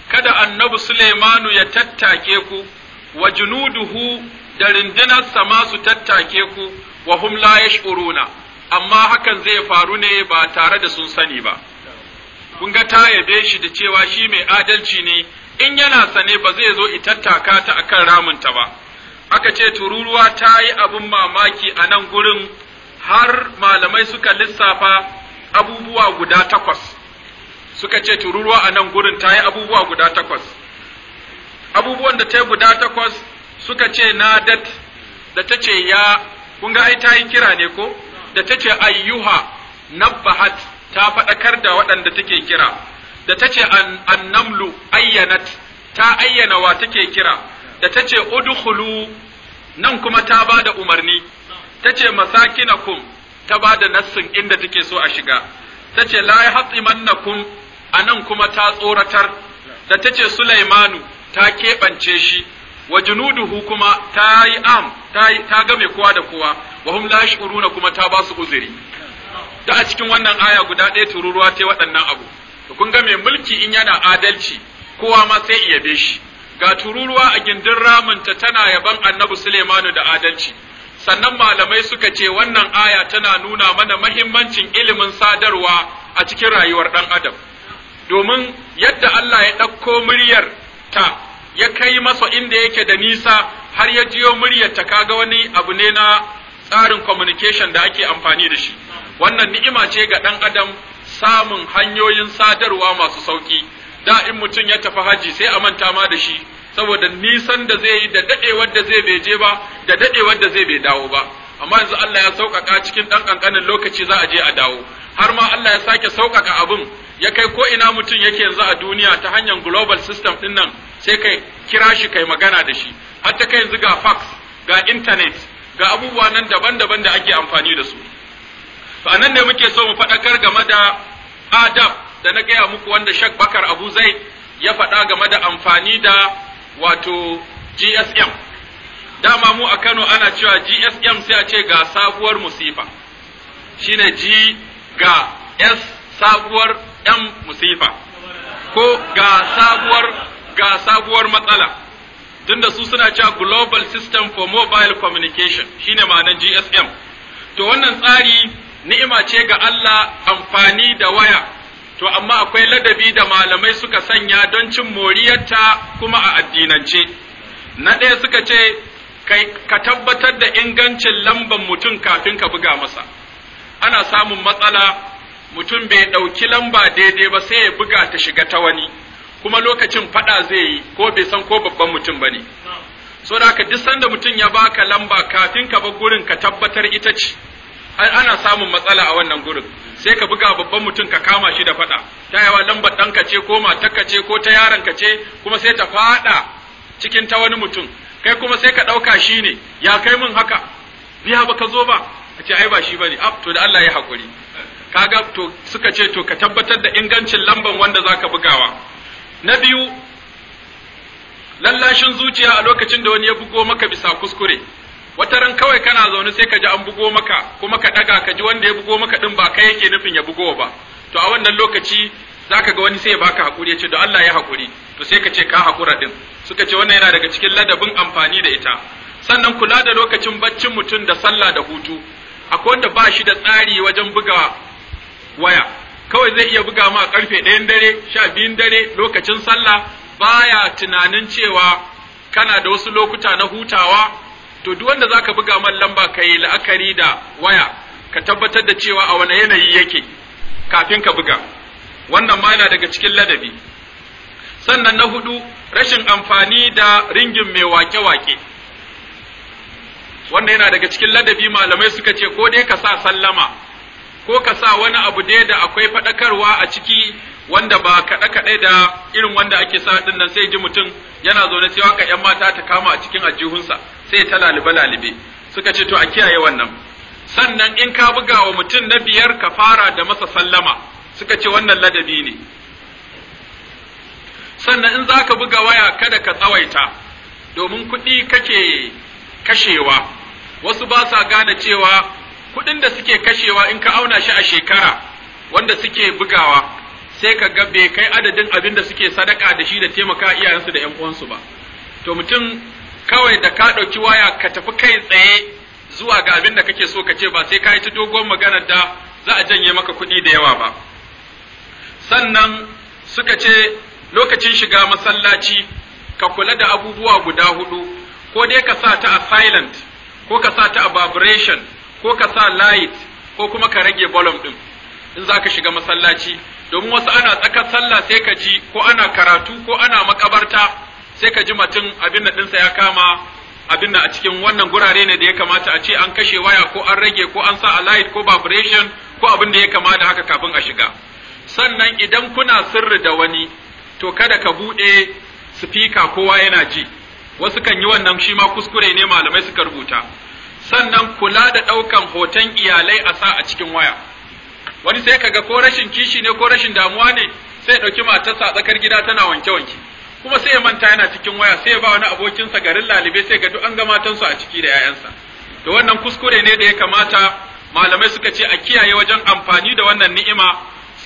kada annabi Suleimanu ya tattake ku wa junuduhu da rindinarsa ma su tattake ku wa hum la yash'uruna amma hakan zai faru ne ba tare da sun sani ba. Kun ga ta yabe shi da cewa shi mai adalci ne, in yana sane ba zai zo itattaka ta akan ramunta ba. Aka ce tururuwa ta yi abin mamaki a nan gurin har malamai suka lissafa abubuwa guda takwas. Suka ce tururuwa a nan gurin ta yi abubuwa guda takwas. Abubuwan da ta yi guda takwas suka ce nadat da ta ce ya, kun ga ai ta yi kira ne ko? da ta ce ayyuha nabbahat ta faɗakar da waɗanda take kira da ta ce annamlu ayyanat ta ayyana wa take kira da ta ce udkhulu nan kuma ta ba da umarni ta ce masakinakum ta ba da nassin inda take so a shiga ta ce la yahtimannakum anan kuma ta tsoratar da ta ce Sulaimanu ta keɓance shi wa junuduhu kuma ta yi am ta, ta game kowa da kowa wa hum la yashuruna kuma ta ba su uzuri da a cikin wannan aya guda ɗaya tururuwa ta waɗannan abu to kun ga mai mulki in yana adalci kowa ma sai iya be shi ga tururuwa a gindin ramin ta tana yaban annabi Suleimanu da adalci sannan malamai suka ce wannan aya tana nuna mana mahimmancin ilimin sadarwa a cikin rayuwar ɗan adam domin yadda Allah ya ɗauko muryar ta ya kai masa inda yake da nisa har ya jiyo muryar ta kaga wani abu ne na tsarin communication da ake amfani da shi wannan ni'ima ce ga ɗan adam samun hanyoyin sadarwa masu sauƙi da in mutum ya tafi haji sai a manta ma da shi saboda nisan da zai yi da daɗewar da zai bai je ba da daɗewar da zai bai dawo ba amma yanzu Allah ya sauƙaƙa cikin ɗan ƙanƙanin lokaci za a je a dawo har ma Allah ya sake sauƙaƙa abin ya kai ko ina mutum yake yanzu a duniya ta hanyar global system ɗin nan sai kai kira shi kai magana da shi har ta kai yanzu ga fax ga internet ga abubuwa nan daban-daban da ake amfani da su to anan ne muke so mu faɗakar game da adab da na gaya muku wanda shak bakar abu zai ya faɗa game da amfani da wato gsm dama mu a kano ana cewa gsm sai a ce ga sabuwar musifa shine g ga s sabuwar m musifa ko ga ga sabuwar matsala tunda su suna cewa Global System for Mobile Communication shine ma'anar GSM. To wannan tsari ni'ima ce ga Allah amfani da waya, to amma akwai ladabi da malamai suka sanya don cin moriyarta kuma a addinance. Na ɗaya suka ce, ka tabbatar da ingancin lamban mutum kafin ka buga masa. Ana samun matsala, mutum bai ɗauki lamba daidai ba sai ya buga ta shiga ta wani. kuma lokacin fada zai yi ko bai san ko babban mutum bane so da duk sanda mutum ya baka lamba kafin ka bar gurin ka tabbatar ita ce ana samun matsala a wannan gurin sai ka buga babban mutum ka kama shi da fada ta yawa lambar ɗanka ce ko ka ce ko ta ka ce kuma sai ta fada cikin ta wani mutum kai kuma sai ka ɗauka shi ne ya kai mun haka biya ba ka zo ba a ce ai ba shi ba ne to da Allah ya haƙuri kaga to suka ce to ka tabbatar da ingancin lamban wanda za ka bugawa na biyu lallashin zuciya a lokacin da wani ya bugo maka bisa kuskure wata ran kawai kana zaune sai ka ji an bugo maka kuma ka daga ka ji wanda ya bugo maka din ba kai yake nufin ya bugo ba to a wannan lokaci zaka ga wani sai ya baka hakuri ya ce da Allah ya hakuri to sai ka ce ka hakura din suka ce wannan yana daga cikin ladabin amfani da ita sannan kula da lokacin baccin mutum da sallah da hutu akwai wanda ba shi da tsari wajen buga waya kawai zai iya buga ma karfe ɗayan dare sha biyun dare lokacin sallah baya tunanin cewa kana da wasu lokuta na hutawa to duk wanda zaka buga man lamba ka yi la'akari da waya ka tabbatar da cewa a wani yanayi yake kafin ka buga wannan ma yana daga cikin ladabi sannan na hudu rashin amfani da ringin mai wake-wake wannan yana daga cikin ladabi malamai suka ce ko dai ka sa sallama ko ka sa wani abu dai da akwai faɗakarwa a ciki wanda ba kaɗe kaɗe da irin wanda ake sa ɗin nan sai ji mutum yana zaune sai waka ‘yan mata ta kama a cikin ajihunsa sai ta lalibe lalibe suka ce to a kiyaye wannan sannan in ka buga wa mutum na biyar ka fara da masa sallama suka ce wannan ladabi ne sannan in za ka buga waya kada ka tsawaita domin kuɗi kake kashewa wasu ba sa gane cewa Kudin da suke kashewa in ka auna shi a shekara wanda suke bugawa sai ka ga bai kai adadin abin da suke sadaka da shi da taimaka iyayensu da 'yan uwansu ba to mutum kawai da ka ɗauki waya ka tafi kai tsaye zuwa ga abin da kake so ka ce ba sai ka yi ta dogon magana da za a janye maka kuɗi da yawa ba sannan suka ce lokacin shiga masallaci ka kula da abubuwa guda hudu ko dai ka sa ta a silent ko ka sa ta a vibration ko ka sa light ko kuma ka rage volume ɗin in za ka shiga masallaci domin wasu ana tsakar sallah sai ka ji ko ana karatu ko ana makabarta sai ka ji mutum abin da ɗinsa ya kama abin da a cikin wannan gurare ne da ya kamata a ce an kashe waya ko an rage ko an sa a light ko vibration ko abin da ya kama da haka kafin a shiga sannan idan kuna sirri da wani to kada ka buɗe sifika kowa yana ji wasu kan yi wannan shi ma kuskure ne malamai suka rubuta sannan kula da ɗaukan hoton iyalai a sa a cikin waya wani sai kaga ko rashin kishi ne ko rashin damuwa ne sai ɗauki matarsa a tsakar gida tana wanke-wanke kuma sai ya manta yana cikin waya sai ya ba wani abokinsa garin lalibe sai ga duk an ga matansu a ciki da 'ya'yansa to wannan kuskure ne da ya kamata malamai suka ce a kiyaye wajen amfani da wannan ni'ima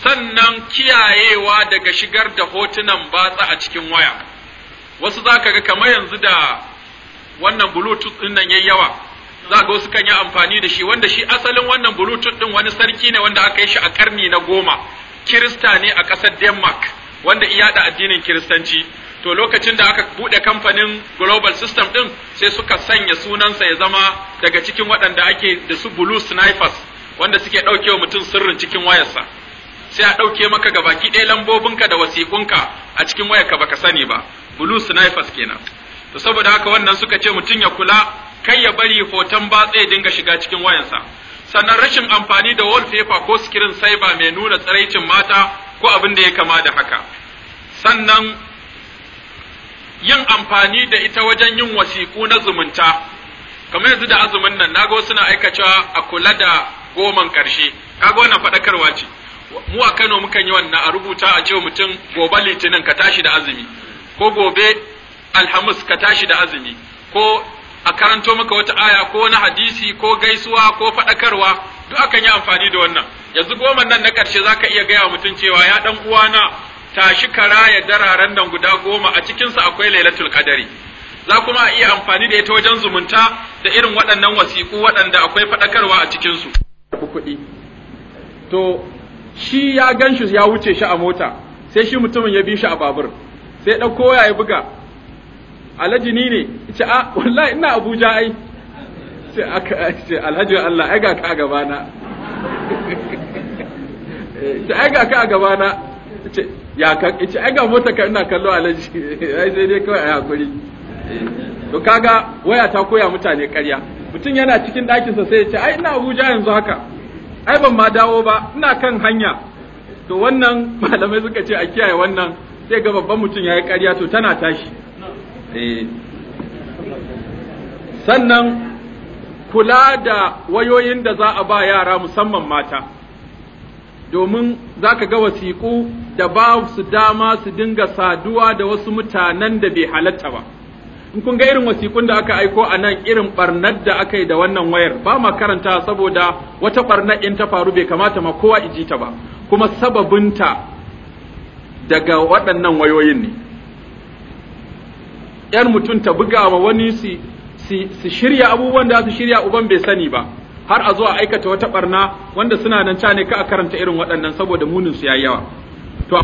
sannan kiyayewa daga shigar da hotunan batsa a cikin waya wasu za ka ga kamar yanzu da wannan bluetooth ɗin nan yayi yawa za ga wasu kan yi amfani da shi wanda shi asalin wannan bulutun din wani sarki ne wanda aka yi shi a karni na goma kirista ne a ƙasar denmark wanda iya da addinin kiristanci to lokacin da aka bude kamfanin global system din sai suka sanya sunansa ya zama daga cikin waɗanda ake da su blue snipers wanda suke ɗauke wa mutum sirrin cikin wayarsa sai a ɗauke maka ga baki ɗaya lambobinka da wasiƙunka a cikin wayarka baka sani ba blue snipers kenan to saboda haka wannan suka ce mutum ya kula kai ya bari hoton batsa ya dinga shiga cikin wayansa sannan rashin amfani da wallpaper ko screen saver mai nuna tsaraicin mata ko abin da ya kama da haka sannan yin amfani da ita wajen yin wasiku na zumunta kamar yanzu da azumin nan nago suna aikacewa a kula da goman karshe kaga wannan faɗakarwa ce mu a Kano mukan yi wannan a rubuta a cewa mutum gobe litinin ka tashi da azumi ko gobe alhamis ka tashi da azumi ko a karanto maka wata aya ko na hadisi ko gaisuwa ko faɗakarwa duk akan yi amfani da wannan yanzu goma nan na ƙarshe zaka iya gaya wa mutum cewa ya dan uwana tashi kara ya dararen nan guda goma a cikinsa akwai lailatul qadari za kuma a iya amfani da ita wajen zumunta da irin waɗannan wasiƙu waɗanda akwai faɗakarwa a cikinsu. kuɗi to shi ya gan ya wuce shi a mota sai shi mutumin ya bi shi a babur sai ɗauko ya buga alhaji ni ne ce a ah, wallahi ina abuja ai ce aka ce alhaji Allah ai ga ka gaba na eh, ce ai ga ka gaba na ce ya ka ce ai ga mota ka ina kallo alhaji ai sai dai kawai a hakuri eh, to kaga waya ta koya mutane ƙarya mutum yana cikin ɗakinsa sai ya ce ai ina abuja yanzu haka ai ban ma dawo ba ina kan hanya to wannan malamai suka ce a kiyaye wannan sai ga babban mutum ya yi ƙarya to tana tashi Eh. sannan kula da wayoyin da za a ba yara musamman mata domin za ka ga wasiƙu da ba su dama su dinga saduwa da wasu mutanen da bai halatta ba in kun ga irin wasiƙun da aka aiko a nan irin ɓarnar da aka yi da wannan wayar ba ma karanta saboda wata ɓarnar in ta faru bai kamata ma kowa iji ta ba kuma sababinta daga waɗannan wayoyin ne Yan mutum ta buga wa wani su shirya abubuwan da su shirya uban bai sani ba har a zo a aikata wata barna wanda suna nan ca ne ka a karanta irin waɗannan saboda munin su yayi yawa to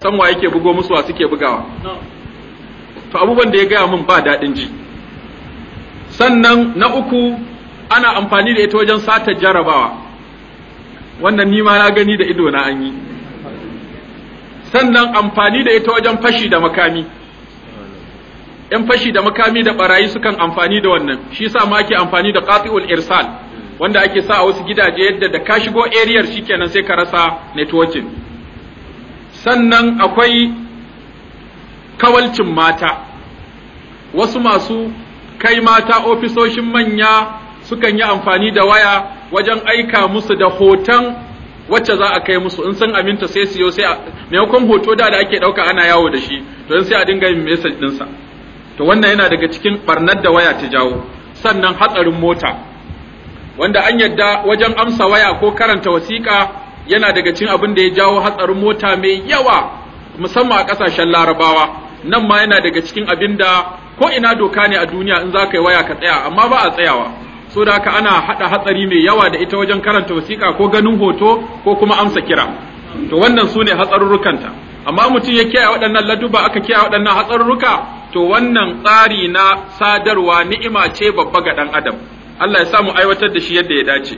san wa yake bugo musu wa suke bugawa to abubuwan da ya gaya min ba daɗin ji sannan na uku ana amfani da ita wajen sata jarabawa wannan ni ma na gani da ido na an yi sannan amfani da ita wajen fashi da makami ‘yan fashi da makami da barayi sukan amfani da wannan shi sa ma ake amfani da qati'ul irsal wanda ake sa a wasu gidaje yadda da ka shigo ariyar shikenan sai ka rasa networking sannan akwai kawalcin mata wasu masu kai mata ofisoshin manya sukan yi amfani da waya wajen aika musu da hoton wacce za a kai musu in sun aminta sai siyo sai maimakon hoto da da ake ɗauka ana yawo da shi to sai a dinga yin message ɗinsa to wannan yana daga cikin barnar da waya ta jawo sannan hatsarin mota wanda an yadda wajen amsa waya ko karanta wasiƙa yana daga cikin abin da ya jawo hatsarin mota mai yawa musamman a ƙasashen larabawa nan ma yana daga cikin abin da ko ina doka ne a duniya in za ka yi waya ka tsaya amma ba a tsayawa so da haka ana haɗa hatsari mai yawa da ita wajen karanta wasiƙa ko ganin hoto ko kuma amsa kira to wannan su ne hatsarurrukanta amma mutum ya kiyaye waɗannan laduba aka kiyaye waɗannan hatsarurruka to wannan tsari na sadarwa ni'ima ce babba ga ɗan adam Allah ya samu aiwatar da shi yadda ya dace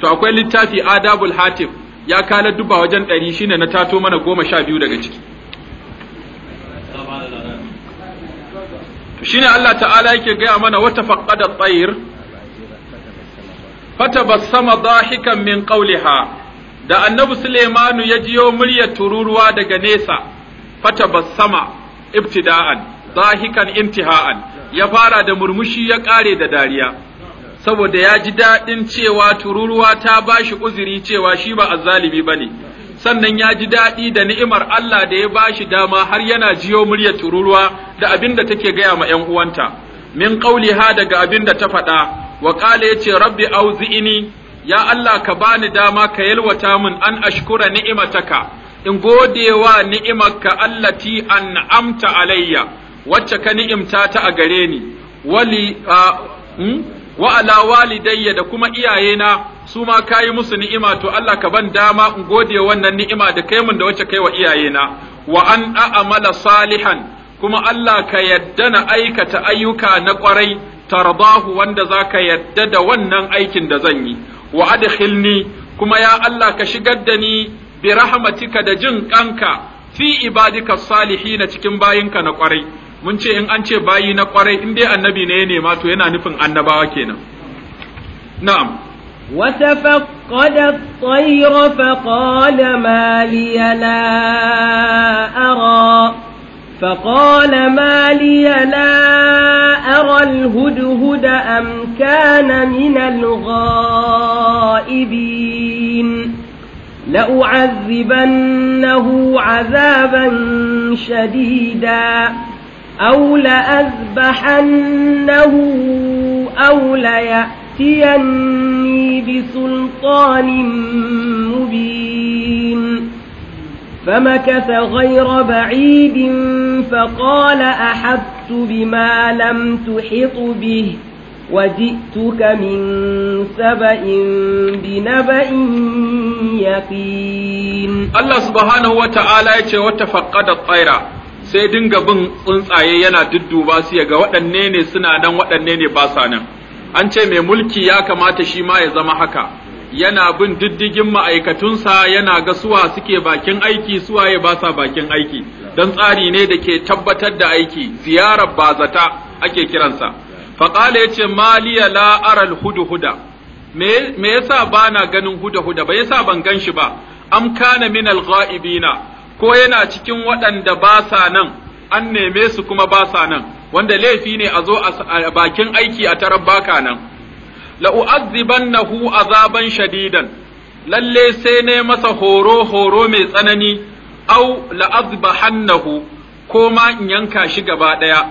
to akwai littafi adabul hatif ya kala duba wajen ɗari shine na tato mana goma sha biyu daga ciki shine Allah ta'ala yake gaya mana wata faqada tsayir fatabassama dahikan min qawliha da annabi Sulaimanu ya jiyo muryar tururuwa daga nesa fatabassama ibtida'an dahikan intiha'an ya fara da murmushi ya kare da dariya saboda ya ji daɗin cewa tururuwa ta bashi uzuri cewa shi ba azzalimi bane sannan ya ji daɗi da ni'imar Allah da ya bashi dama har yana jiyo muryar tururuwa da abin da take gaya ma ‘yan uwanta, min ƙauliha daga abin da ta faɗa, wa ya yace rabbi auzi'ini ya Allah ka bani dama ka yalwata min an ashkura ni'imataka in godewa ni'imarka allati an'amta alayya wacce ka ni'imta ta a gare ni wali hmm? wa ala walidayya da kuma iyayena su ma kayi musu ni'ima to Allah ka ban dama in gode wannan ni'ima da kai mun da wacce kai wa iyayena wa an a'mala salihan kuma Allah ka yadda na aikata ayyuka na kwarai tardahu wanda zaka yadda da wannan aikin da zan yi wa adkhilni kuma ya Allah ka shigar da ni bi rahmatika da jin kanka fi ibadika na cikin bayinka na kwarai mun ce in an ce bayi na kwarai in dai annabi ne ya nema to yana nufin annabawa kenan na'am وتفقد الطير فقال ما لي لا أرى فقال ما لي لا أَرَى الْهُدْهُدَ أَمْ كَانَ مِنَ الْغَائِبِينَ لَأُعَذِّبَنَّهُ عَذَابًا شَدِيدًا أَوْ لَأَذْبَحَنَّهُ أَوْ لَيَأْتِيَنِّي بِسُلْطَانٍ مُبِينٍ فمكث غير بعيد فقال أحبت بما لم تحط به وجئتك من سبأ بنبأ يقين الله سبحانه وتعالى وتفقد الطيرة sai dinga bin tsuntsaye yana dudduba su ya ga waɗanne ne suna nan waɗanne ne ba sa nan an ce mai mulki ya kamata shi ma ya zama haka yana bin diddigin ma'aikatunsa yana ga suwa suke bakin aiki suwaye ba sa bakin aiki don tsari ne da ke tabbatar da aiki ziyarar bazata ake kiransa faƙala yace ce maliya la'aral huda-huda me yasa ba na ganin huda-huda ba yasa ban gan shi ba am kana min algha'ibina ko yana cikin waɗanda ba sa nan an neme su kuma ba sa nan wanda laifi ne a zo a bakin aiki a tarar baka nan a azaban shadidan lalle sai ne masa horo horo mai tsanani au Nahu, ko ma in yanka shi gaba ɗaya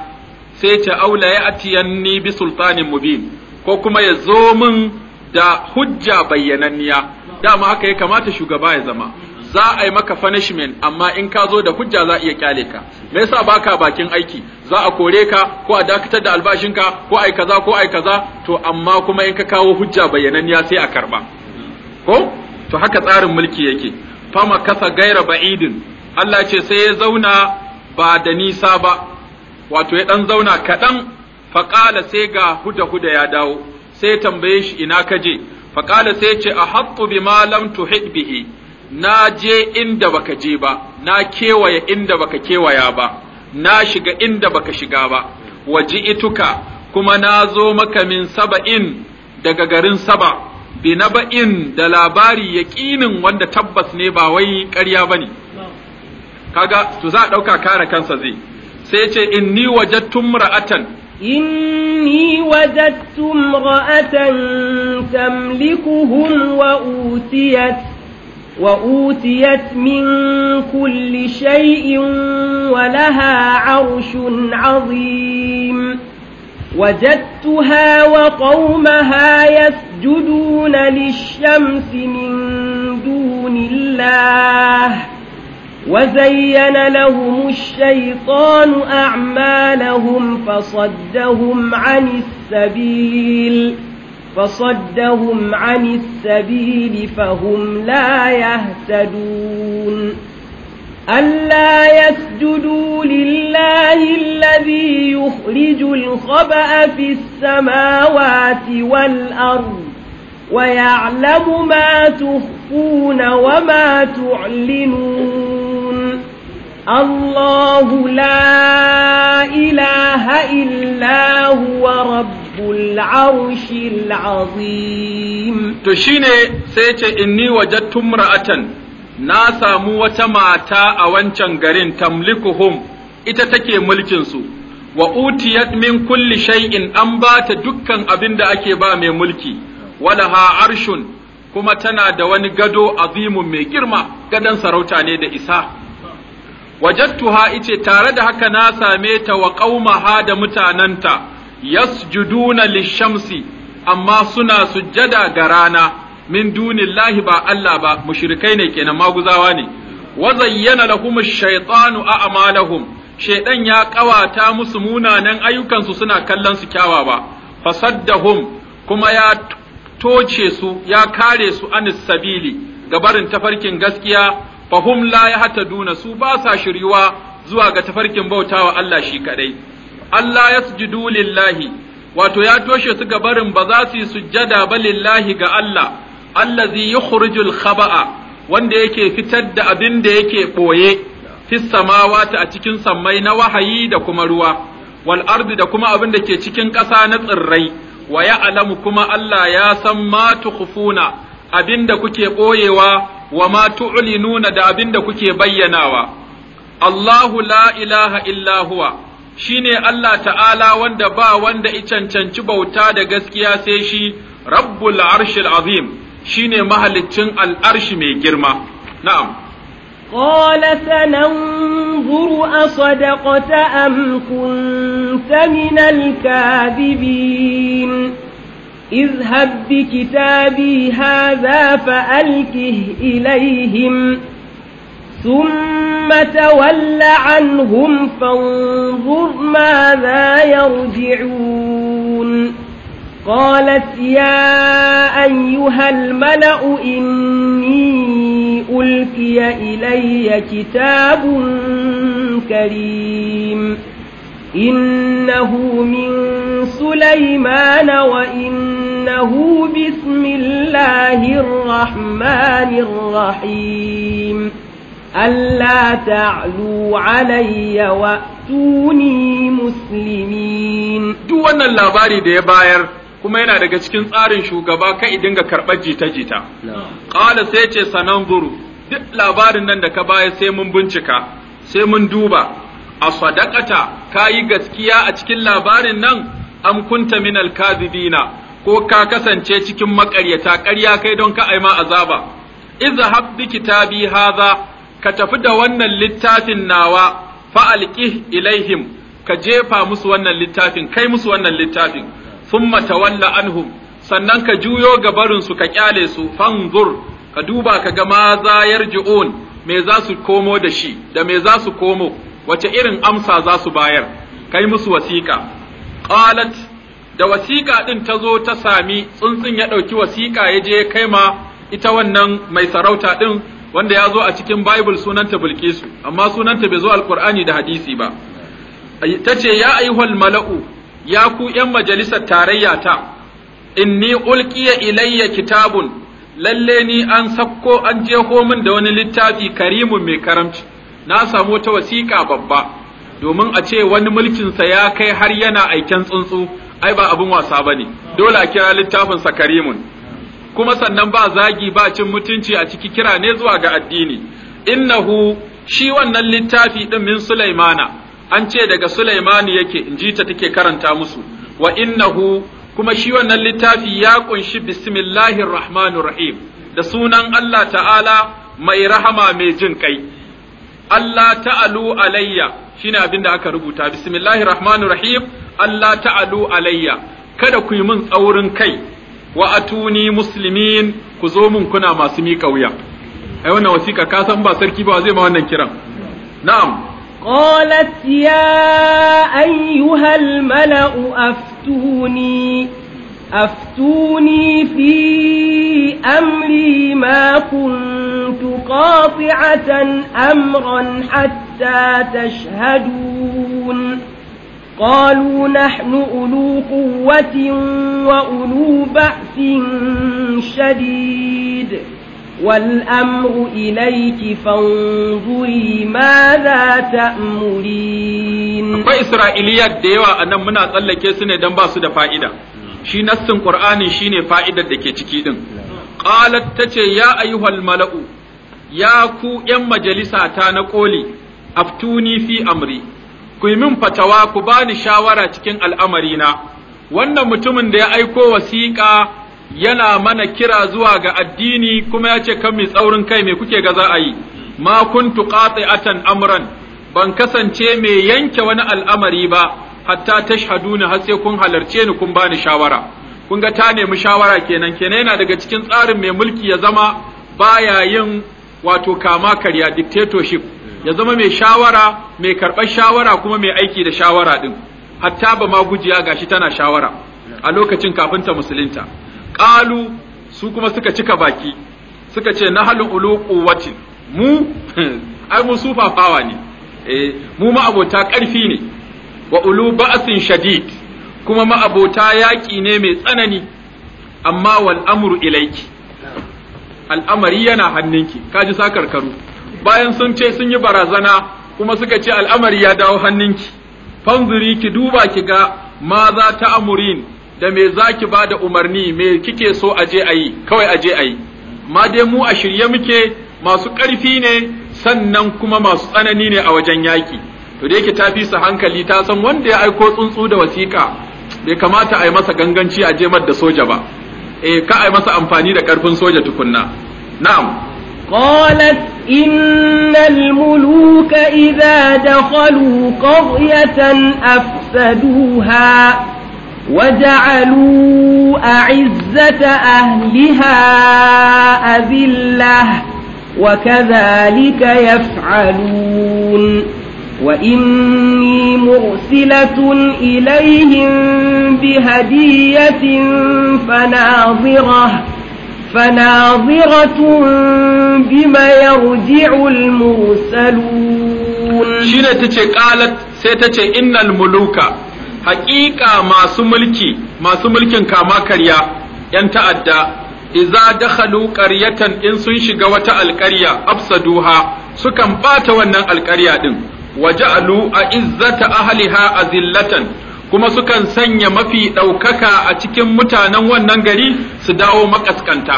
sai ta ya la ni bi sultanin mubin ko kuma ya zo min da hujja bayyananniya dama haka ya kamata shugaba ya zama za a yi maka punishment amma in ka zo da hujja za a iya kyale ka me yasa baka bakin aiki za a kore ka ko a dakatar da albashin ka ko ai kaza ko ai kaza to amma kuma in ka kawo hujja ya sai a karba ko to haka tsarin mulki yake fama kasa gaira ba'idin Allah ce sai ya zauna ba da nisa ba wato ya dan zauna kaɗan faƙala sai ga huda huda ya dawo sai tambaye shi ina ka je faƙala sai ce a haƙƙu bi ma lam tuhid bihi na je inda baka je ba na kewaye inda baka kewaya ba na shiga inda baka shiga ba waji ituka kuma na zo maka min saba'in daga garin saba bi ba'in da labari yaƙinin wanda tabbas ne ba wai ƙarya ne. kaga su za a ɗauka kare kansa zai sai ce inni wajattum ra'atan إني وجدت امرأة تملكهم وأوتيت وأوتيت من كل شيء ولها عرش عظيم وجدتها وقومها يسجدون للشمس من دون الله وزين لهم الشيطان أعمالهم فصدهم عن السبيل فصدهم عن السبيل فهم لا يهتدون ألا يسجدوا لله الذي يخرج الخبأ في السماوات والأرض ويعلم ما تخفون وما تعلنون الله لا إله إلا هو رب rabbul arshil azim to shine sai ce inni wajadtu imra'atan na samu wata mata a wancan garin tamlikuhum ita take mulkin su wa utiyat min kulli shay'in an ba ta dukkan abin da ake ba mai mulki walaha arshun kuma tana da wani gado azimun mai girma gadon sarauta ne da isa wajattuha ice tare da haka na same ta wa qaumaha da mutananta yasjuduna lishamsi amma suna sujjada ga rana min dunillahi ba Allah ba mushrikai ne kenan maguzawa ne wa zayyana lahum ash-shaytanu a'malahum shaydan ya kawata musu munanan ayyukansu suna kallon su kyawawa fasaddahum kuma ya toce su ya kare su anis sabili gabarin tafarkin gaskiya fahum la yahtaduna su ba sa shiryuwa zuwa ga tafarkin bautawa Allah shi kadai Allah ya sujudu lillahi wato ya toshe su gabarin ba za su yi sujjada ba lillahi ga Allah allazi yukhrijul khaba'a wanda yake fitar da abin da yake boye fis samawati a cikin sammai na wahayi da kuma ruwa wal ardi da kuma abin da ke cikin ƙasa na tsirrai wa alamu kuma Allah ya san ma tukhfuna abin da kuke boyewa wa ma tu'linuna da abin da kuke bayyanawa Allahu la ilaha illa huwa Shi ne Allah ta'ala wanda ba wanda i cancanci bauta da gaskiya sai shi rabbul arshil azim shi ne mahalicin al'arshi mai girma na'am qala sananzuru asadaqta am kunta minal kadhibin اذهب بكتابي هذا فألقه ilaihim. ثم تول عنهم فانظر ماذا يرجعون قالت يا أيها الملأ إني ألقي إلي كتاب كريم إنه من سليمان وإنه بسم الله الرحمن الرحيم ألا تعلوا علي وأتوني مسلمين duk wannan labari da ya bayar kuma yana daga cikin tsarin shugaba kai dinga karɓar jita-jita ƙala sai ce zuru duk labarin nan da ka baya sai mun bincika sai mun duba a ka kayi gaskiya a cikin labarin nan am kunta minal kadhibina ko ka kasance cikin maƙaryata ƙarya kai don ka aima azaba izhab bi kitabi hadha ka tafi da wannan littafin nawa fa'alƙih ilaihim ka jefa musu wannan littafin kai musu wannan littafin thumma tawalla anhum sannan ka juyo gabarinsu su ka kyale su fanzur ka duba ka ga ma za yarji'un me za su komo da shi da me za su komo wace irin amsa za su bayar kai musu wasiƙa qalat da wasiƙa din ta zo ta sami tsuntsun ya ɗauki wasiƙa ya je kai ma ita wannan mai sarauta din wanda ya zo a cikin Bible sunanta Bilkisu amma sunanta bai zo alkur'ani da hadisi ba ta ce ya ayyuhal mala'u ya ku ‘yan majalisar tarayya ta inni ulqiya ilayya kitabun lalle ni an sakko an min da wani littafi karimun mai karamci na samu ta wasiƙa babba domin a ce wani mulkinsa ya kai har yana aiken tsuntsu ai ba abin wasa ba ne dole a kira littafinsa karimun kuma sannan ba zagi ba cin mutunci a ciki kira ne zuwa ga addini innahu shi wannan littafi din min sulaimana an ce daga sulaimani yake inji ta take karanta musu wa innahu kuma shi wannan littafi ya kunshi bismillahir rahmanir rahim da sunan Allah ta'ala mai rahama mai jin kai Allah ta'alu alayya shine abin da aka rubuta bismillahir rahmanir rahim Allah ta'alu alayya kada ku yi min tsaurin kai wa atuni muslimin ku zo mun kuna masu mika wuya ai wannan wasiƙa ka san ba sarki ba zai ma wannan kiran na'am قالت يا أيها الملأ أفتوني أفتوني في أمري ما كنت قاطعة أمرا حتى تشهدون قالوا نحن أولو قوة وأولو بأس شديد والأمر إليك فانظري ماذا تأمرين akwai Isra'iliyat da yawa a nan muna tsallake su ne don basu da fa'ida, shi nassin Ƙur'ani shi ne fa'idar da ke ciki ɗin. Ƙalat ta ce, Ya ayyuhal mala'u, ya ku ’yan majalisa ta na ƙoli, aftuni fi amri, ku yi min fatawa ku bani shawara cikin al'amarina wannan mutumin da ya aiko wasiƙa yana mana kira zuwa ga addini kuma ya ce kan mai tsaurin kai me kuke ga za a yi ma kuntu atan amran ban kasance mai yanke wani al'amari ba hatta ni har sai kun halarce ni kun bani shawara kun ga ta nemi shawara kenan kenan yana daga cikin tsarin mai mulki ya zama baya yin wato kama karya dictatorship ya zama mai shawara mai karɓar shawara kuma mai aiki da shawara din hatta ba ma gujiya gashi tana shawara a lokacin kafin ta musulunta qalu su kuma suka cika baki suka ce na nahlu ulu watin, mu ai mu sufafawa ne eh mu ma'abota abota ƙarfi ne wa ulu ba'sin shadid kuma ma abota yaƙi ne mai tsanani amma wal amru ilayki al'amari yana hannunki kaji sakarkaru bayan sun ce sun yi barazana kuma suka ce al'amari ya dawo hannunki fanzuri ki duba ki ga ma za ta amurin da me za ki ba da umarni me kike so a je a yi kawai a je a yi ma dai mu a shirye muke masu ƙarfi ne sannan kuma masu tsanani ne a wajen yaki. to dai ki ta su hankali ta san wanda ya aiko tsuntsu da wasiƙa bai kamata a yi masa ganganci a je da soja ba eh ka a yi masa amfani da ƙarfin soja tukunna na'am قالت إن الملوك إذا دخلوا قرية أفسدوها وجعلوا أعزة أهلها أذلة وكذلك يفعلون وإني مرسلة إليهم بهدية فناظرة فناظرة بما يرجع المرسلون شنو تتي قالت سيتتي إن الملوك حقيقة ما سملكي ما سملكي كما كريا ينتأدى إذا دخلوا قرية إن سنشق وتا القرية أفسدوها سكن بات ونن القرية دن وجعلوا أعزة أهلها أذلة kuma sukan sanya mafi ɗaukaka a cikin mutanen wannan gari su dawo makaskanta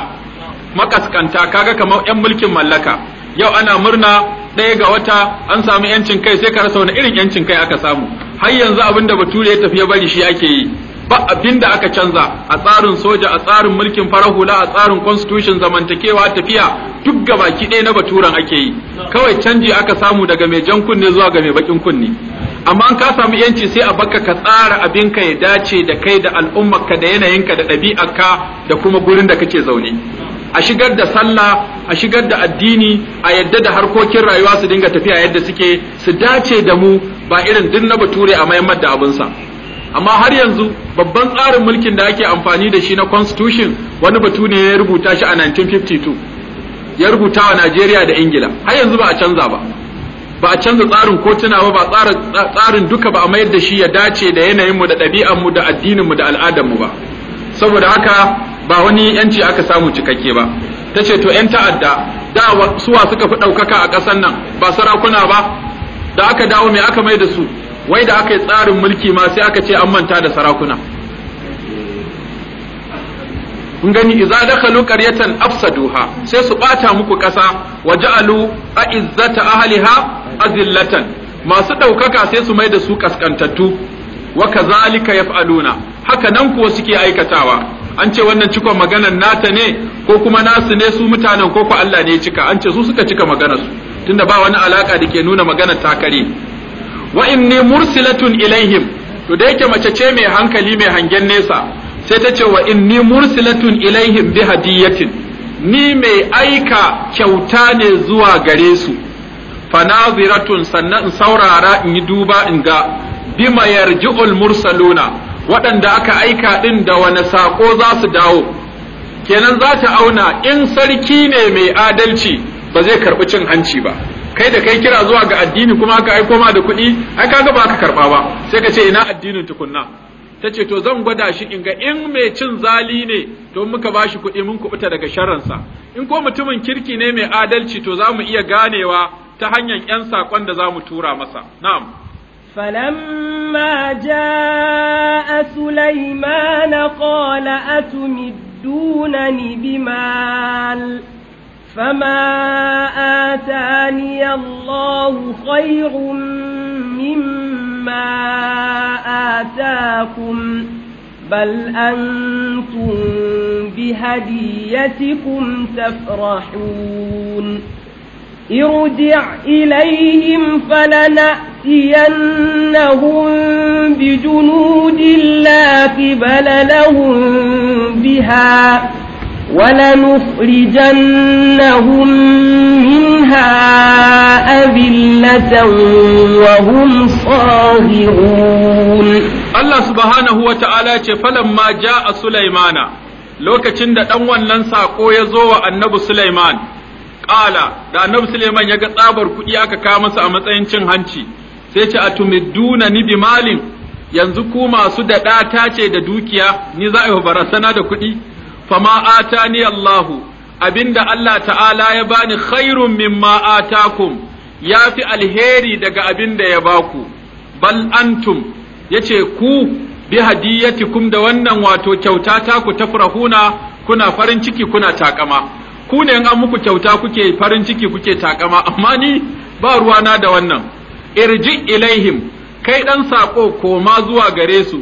makaskanta kaga kamar 'yan mulkin mallaka yau ana murna ɗaya ga wata an samu 'yancin kai sai ka rasa wani irin 'yancin kai aka samu har yanzu abin da bature ya tafi ya bari shi ake yi ba abin da aka canza a tsarin soja a tsarin mulkin farar hula a tsarin constitution zamantakewa tafiya duk gabaki ɗaya na baturan ake yi kawai canji aka samu daga mai jan kunne zuwa ga mai bakin kunne amma an ka samu yanci sai a baka ka tsara abin ka ya dace da kai da ka da yanayin ka da ka da kuma gurin da kake zaune a shigar da sallah a shigar da addini a yadda da harkokin rayuwa su dinga tafiya yadda suke su dace da mu ba irin duk na bature a mayammar da sa amma har yanzu babban tsarin mulkin da ake amfani da shi na constitution wani batu ne ya rubuta shi a 1952 ya rubuta wa Najeriya da Ingila har yanzu ba a canza ba ba a canza tsarin kotuna ba ba tsarin duka ba a mayar da shi ya dace da yanayinmu da ɗabi'anmu da addininmu da al'adarmu ba saboda haka ba wani yanci aka samu cikakke ba ta ce to 'yan ta'adda da suwa suka fi ɗaukaka a ƙasar nan ba sarakuna ba da aka dawo mai aka mai da su wai da aka yi tsarin mulki ma sai aka ce an manta da sarakuna kun gani idza dakhalu qaryatan afsaduha sai su bata muku kasa wa a'izzata ahliha azillatan masu ɗaukaka sai su mai da su kaskantattu wa kazalika yaf'aluna haka nan kuwa suke aikatawa an ce wannan cikon maganar nata ne ko kuma nasu ne su mutanen ko ko Allah ne ya cika an ce su suka cika maganar su tunda ba wani alaka da ke nuna maganar kare. wa inni mursilatun ilaihim to da yake mace ce mai hankali mai hangen nesa sai ta ce wa inni mursilatun ilaihim bi hadiyatin ni mai aika kyauta ne zuwa gare su fanaziratun sannan in saurara in yi duba in ga bima yarji'ul mursaluna waɗanda aka aika ɗin da wani saƙo za su dawo kenan za ta auna in sarki ne mai adalci ba zai karɓi cin hanci ba kai da kai kira zuwa ga addini kuma aka aiko ma da kuɗi ai kaga ba ka karɓa ba sai ka ce ina addinin tukunna ta ce to zan gwada shi in ga in mai cin zali ne to muka ba shi kuɗi mun kuɓuta daga sharransa in ko mutumin kirki ne mai adalci to za mu iya ganewa ta hanyar 'yan saƙon da za mu tura masa na'am فلما جاء سليمان قال أتمدونني بمال فما آتاني الله خير مما آتاكم بل أنتم بهديتكم تفرحون ارجع إليهم فلنأتينهم بجنود لا قبل لهم بها ولنخرجنهم منها أذلة وهم صاغرون الله سبحانه وتعالى فلما جاء سليمان لوكتشند أول ننسى قوي زوى النبي سليمان qala da annabi Suleiman ya ga tsabar kuɗi aka kawo masa a matsayin cin hanci sai ce atumidduna ni bi malin yanzu ku masu da ta ce da dukiya ni za a yi barasana da kuɗi fama ni Allahu abinda Allah ta'ala ya bani khairun mimma atakum ya fi alheri daga abinda ya baku bal antum yace ku bi hadiyatikum da wannan wato kyauta ta ku tafrahuna kuna farin ciki kuna takama ku ne an muku kyauta kuke farin ciki kuke takama amma ni ba ruwa na da wannan irji ilaihim kai dan sako koma zuwa gare su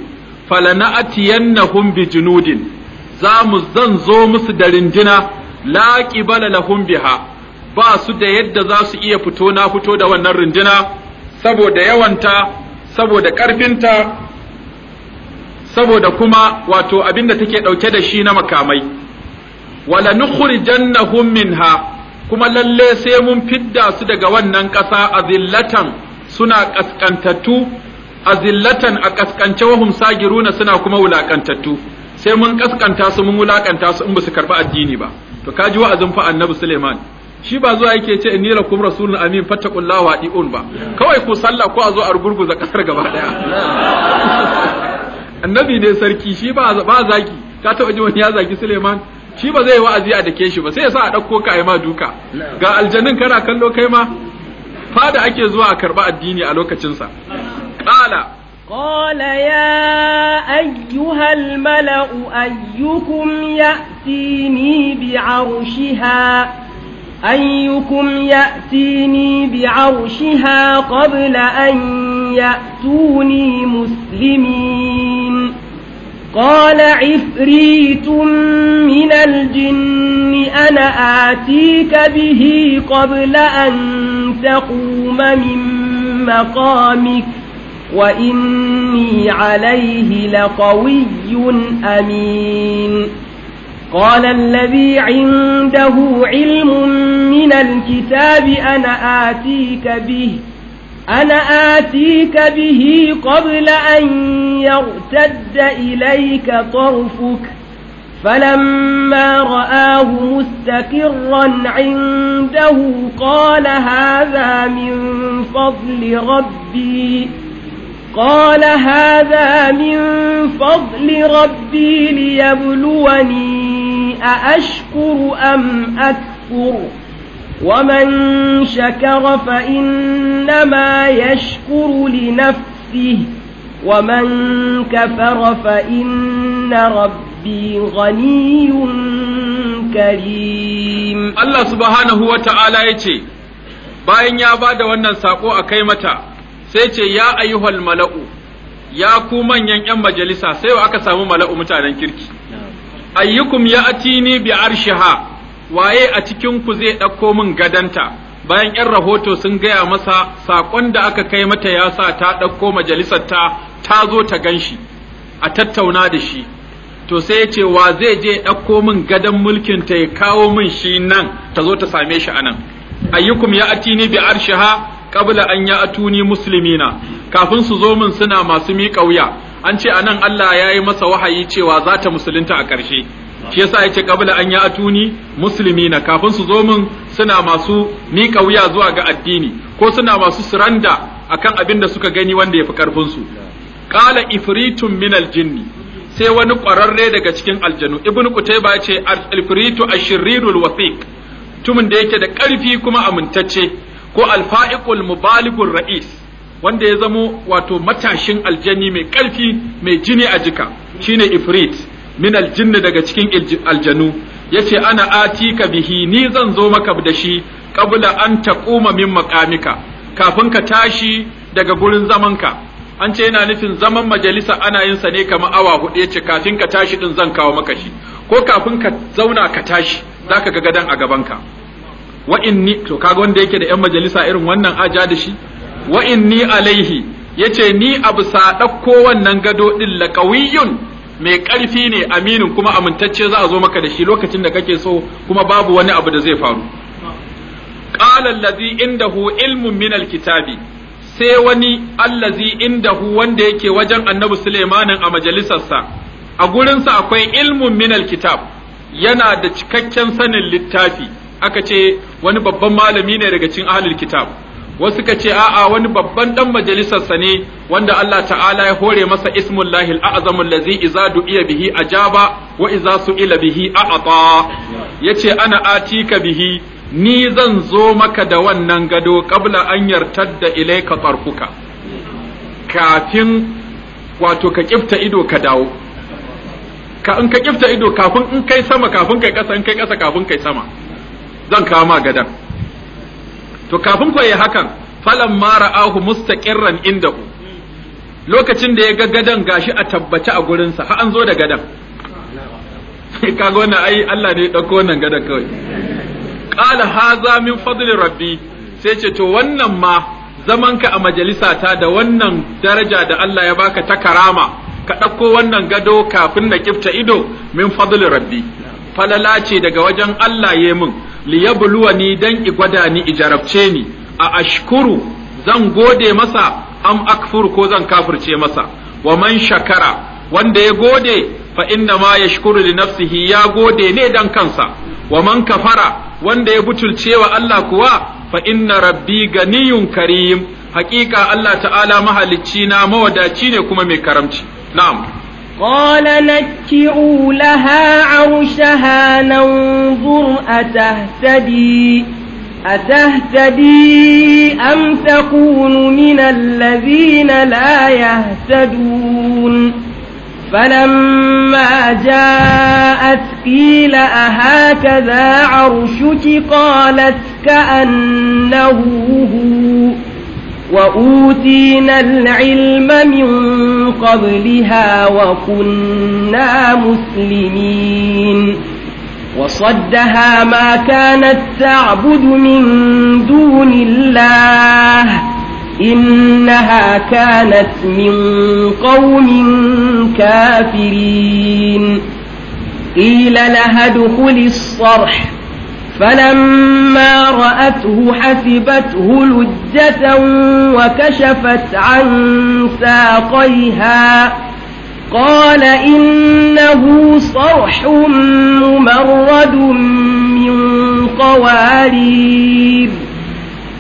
atiyannahum bi junudin za mu zan zo musu da rindina la qibala lahum biha ba su da yadda za su iya fito na fito da wannan rindina saboda yawanta saboda karfinta saboda kuma wato abinda take dauke da shi na makamai wala jannahum minha kuma lalle sai mun fidda su daga wannan ƙasa azillatan suna kaskantattu azillatan a kaskance wahum sagiruna suna kuma wulakantattu sai mun kaskanta su mun wulakanta su in ba su karɓi addini ba to kaji wa'azin fa annabi Suleiman shi ba zuwa yake ce inni lakum rasulun amin fattaqullaha wa diun ba kawai ku sallah ko a zo a rugurguza kasar gaba daya annabi ne sarki shi ba ba zaki ka taba ji wani ya zaki Suleiman shi ba zai wa'azi a dake shi ba sai ya sa a ɗauko ka a ma duka ga aljanun kana kallo kai ma fada ake zuwa a karɓa addini a lokacinsa ƙala قال يا أيها الملأ أيكم يأتيني بعرشها أيكم bi arshiha qabla an ya'tuni muslimin قال عفريت من الجن أنا آتيك به قبل أن تقوم من مقامك وإني عليه لقوي أمين قال الذي عنده علم من الكتاب أنا آتيك به أنا آتيك به قبل أن يرتد إليك طرفك فلما رآه مستقرا عنده قال هذا من فضل ربي قال هذا من فضل ربي ليبلوني أأشكر أم أكفر ومن شكر فإنما يشكر لنفسه ومن كفر فإن ربي غني كريم الله سبحانه وتعالى يتي bayan ya ba da wannan saƙo a kai mata sai ce ya ayyuhal mala'u ya ku manyan ‘yan majalisa sai aka samu mala'u mutanen kirki ayyukum ya atini bi arshiha waye a cikin ku zai ɗauko min gadanta bayan yan rahoto sun gaya masa saƙon da aka kai mata ya sa ta ɗauko majalisar ta ta zo ta gan shi a tattauna da shi to sai ya ce wa zai je ɗauko min gadon mulkin ta ya kawo min shi nan ta zo ta same shi anan ayyukum ya atini bi arshiha qabla an ya atuni muslimina kafin su zo min suna masu miƙa wuya an ce anan Allah ya yi masa wahayi cewa za ta musulunta a ƙarshe shi yasa yace qabla an ya'tuni na. kafin su zo min suna masu miƙa wuya zuwa ga addini ko suna masu suranda akan abin da suka gani wanda yafi karfin su qala ifritun min aljinn sai wani ƙwararre daga cikin aljanu ibn qutayba yace al-ifritu ash wathiq tumin da yake da ƙarfi kuma amintacce ko alfa'iqul mubalighur ra'is wanda ya zamo wato matashin aljani mai ƙarfi mai jini a jika shine ifrit min aljin daga cikin aljanu yace ana atika bihi ni zan zo maka da shi kabula an taquma min maqamika kafin ka tashi daga gurin zamanka an ce yana nufin zaman majalisa ana yin sa ne kamar awa hudu yace kafin ka tashi din zan kawo maka shi ko kafin ka zauna ka tashi zaka ga gadan a gabanka wa inni to kaga wanda yake da yan majalisa irin wannan aja da shi wa inni alaihi yace ni abu sa ɗauko wannan gado din laqawiyun mai ƙarfi ne aminin kuma amintacce za a zo maka da shi lokacin da kake so kuma babu wani abu da zai faru qala allazi indahu ilmun min alkitabi sai wani allazi indahu wanda yake wajen annabi Sulaimanin a majalisarsa a gurinsa akwai ilmun min alkitab yana da cikakken sanin littafi aka ce wani babban malami ne daga cikin ahlul kitab wasu ka ce a'a wani babban dan majalisarsa ne wanda Allah ta'ala ya hore masa ismullahi al'azamu lazi iza du'iya bihi ajaba wa iza su'ila bihi a'ata ce ana atika bihi ni zan zo maka da wannan gado kabla an yartadda ilayka tarfuka kafin wato ka kifta ido ka dawo ka in ka kifta ido kafin in kai sama kafin kai kasa in kai kasa kafin kai sama zan kama ma gadan to kafin ko hakan falan mara ahu mustaqirran ku. lokacin da ya ga gadan gashi a tabbace a gurinsa har an zo da gadan kaga wannan ai Allah ne ya dauko wannan gadan kawai qala haza min fadli rabbi sai ce to wannan ma zamanka a majalisa ta, da wannan daraja da Allah ya baka ta karama ka ɗauko wannan gado kafin na kifta ido min fadli rabbi falala ce daga wajen Allah ya min ni dan gwada ni ijarabce ni a ashkuru zan gode masa am akfur ko zan kafirce masa wa man shakara wanda ya gode fa inna ma yashkuru li nafsihi ya gode ne dan kansa wa man kafara wanda ya butulcewa Allah kuwa fa inna rabbi ganiyun karim haƙiƙa Allah ta'ala mahalicci na mawadaci ne kuma mai karamci na'am قال نكروا لها عرشها ننظر أتهتدي أتهتدي أم تكون من الذين لا يهتدون فلما جاءت قيل أهكذا عرشك قالت كأنه هو وأوتينا العلم من قبلها وكنا مسلمين وصدها ما كانت تعبد من دون الله إنها كانت من قوم كافرين قيل لها ادخل الصرح فلما رأته حسبته لجة وكشفت عن ساقيها قال إنه صرح ممرد من قوارير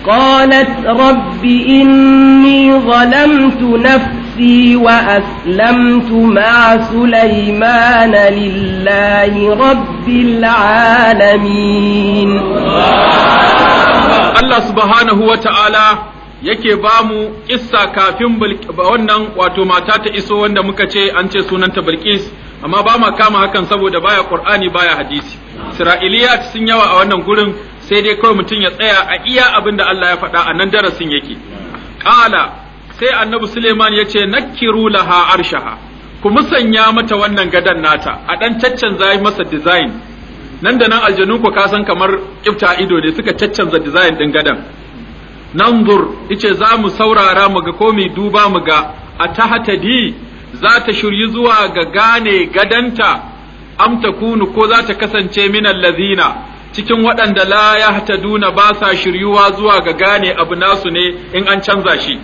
قالت رب إني ظلمت نفسي نفسي وأسلمت مع سليمان لله رب العالمين الله سبحانه وتعالى yake ba mu kissa kafin wannan wato mata ta iso wanda muka ce an ce sunanta Bilqis amma ba ma kama hakan saboda baya Qur'ani baya hadisi Isra'iliyat sun yawa a wannan gurin sai dai kawai mutum ya tsaya a iya abinda Allah ya faɗa a nan darasin yake qala sai annabi Suleiman ya ce nakiru laha arshaha ku musanya mata wannan gadan nata a dan caccanza masa design nan da nan aljanu ka kasan kamar kifta ido ne suka caccanza design din gadan nanzur ice za mu saurara mu ga ko duba mu ga a hatadi za ta shiryi zuwa ga gane gadanta am kunu ko za ta kasance min Lazina cikin waɗanda la duna ba sa shiryuwa zuwa ga gane abu nasu ne in an canza shi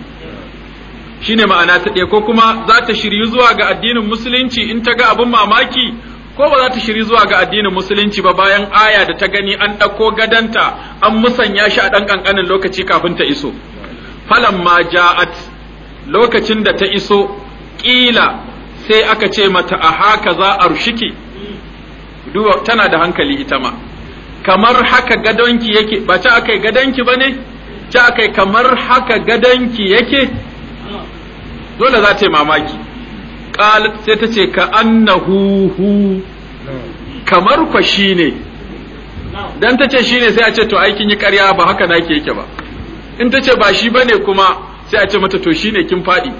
shine ma'ana ta ɗaya ko kuma za ta shiryu zuwa ga addinin musulunci in ta ga abin mamaki ko ba za ta shiri zuwa ga addinin musulunci ba bayan aya da ta gani an ɗauko gadanta an musanya shi a ɗan ƙanƙanin lokaci kafin ta iso ma ja'at lokacin da ta iso ƙila sai aka ce mata a haka za a rushiki tana da hankali ita ma kamar haka gadonki yake ba ta aka yi gadonki ba ne ta aka yi kamar haka gadonki yake dole za ta yi mamaki qalat sai ta ce ka annahu hu kamar kwa ne. dan ta ce shi ne sai a ce to aikin yi ƙarya ba haka na ke yake ba in ta ce ba shi bane kuma sai a ce mata to shi ne kin faɗi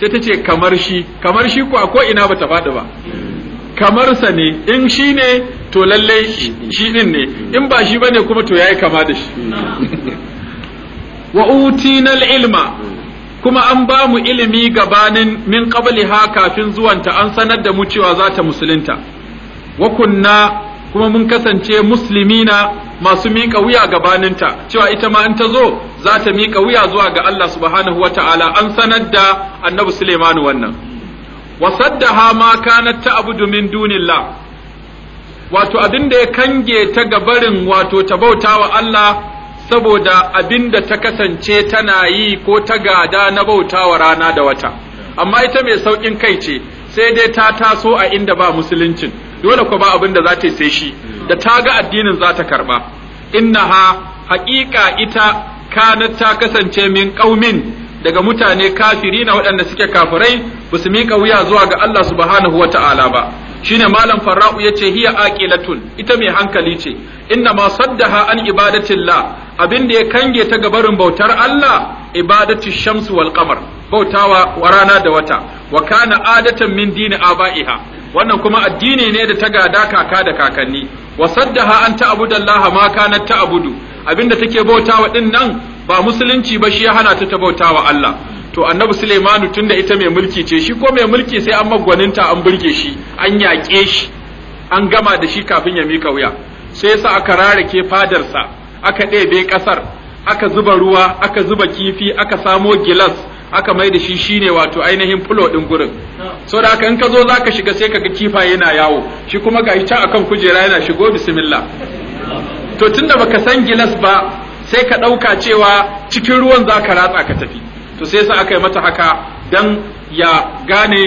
sai ta ce kamar shi kamar shi ko ko ina bata faɗi ba kamar sa ne in shi ne to lalle shi din ne in ba shi bane kuma to yayi kama da shi wa utina ilma kuma an ba mu ilimi gabanin min qabli ha kafin zuwanta an sanar da mu cewa za ta musulunta wa kunna kuma mun kasance muslimina masu miƙa wuya gabaninta cewa ita ma in ta zo za ta miƙa wuya zuwa ga Allah subhanahu wata'ala an sanar da annabi Suleiman wannan wa saddaha ma kanat ta'budu min dunillah wato abin da ya kange ta gabarin wato ta bautawa Allah saboda abin da ta kasance tana yi ko ta gada na bautawa rana da wata amma ita mai sauƙin kai ce sai dai ta taso a inda ba musuluncin dole ko ba abin da za ta sai shi da ta ga addinin za ta karba ha, haƙiƙa ita Kana ta kasance min ƙaumin daga mutane kafiri na waɗanda suke kafirai ba su miƙa wuya zuwa ga Allah subhanahu wa ta'ala ba shine malam farra'u yace hiya aqilatun ita mai hankali ce inna ma saddaha an ibadatillah abin da ya kange ta gabarin bautar Allah ibadatu shamsu wal qamar bautawa wa rana da wata wa kana adatan min dini abaiha wannan kuma addini ne da ta gada kaka da kakanni wa saddaha an ta'budallaha ma kanat ta'budu abinda take bautawa din nan ba musulunci ba shi ya hana ta ta bautawa Allah to annabi Sulaimanu tunda ita mai mulki ce shi ko mai mulki sai an magwaninta an burge shi an yaƙe shi an gama da shi kafin ya mika wuya sai yasa aka rarake fadarsa aka ɗebe ƙasar aka zuba ruwa aka zuba kifi aka samo gilas aka mai da shi shine wato ainihin fulo ɗin gurin so da haka in ka zo zaka shiga sai ka ga kifa yana yawo shi kuma ga ita akan kujera yana shigo bismillah to tunda baka san gilas ba sai ka ɗauka cewa cikin ruwan zaka ratsa ka tafi to sai sa aka yi mata haka dan ya gane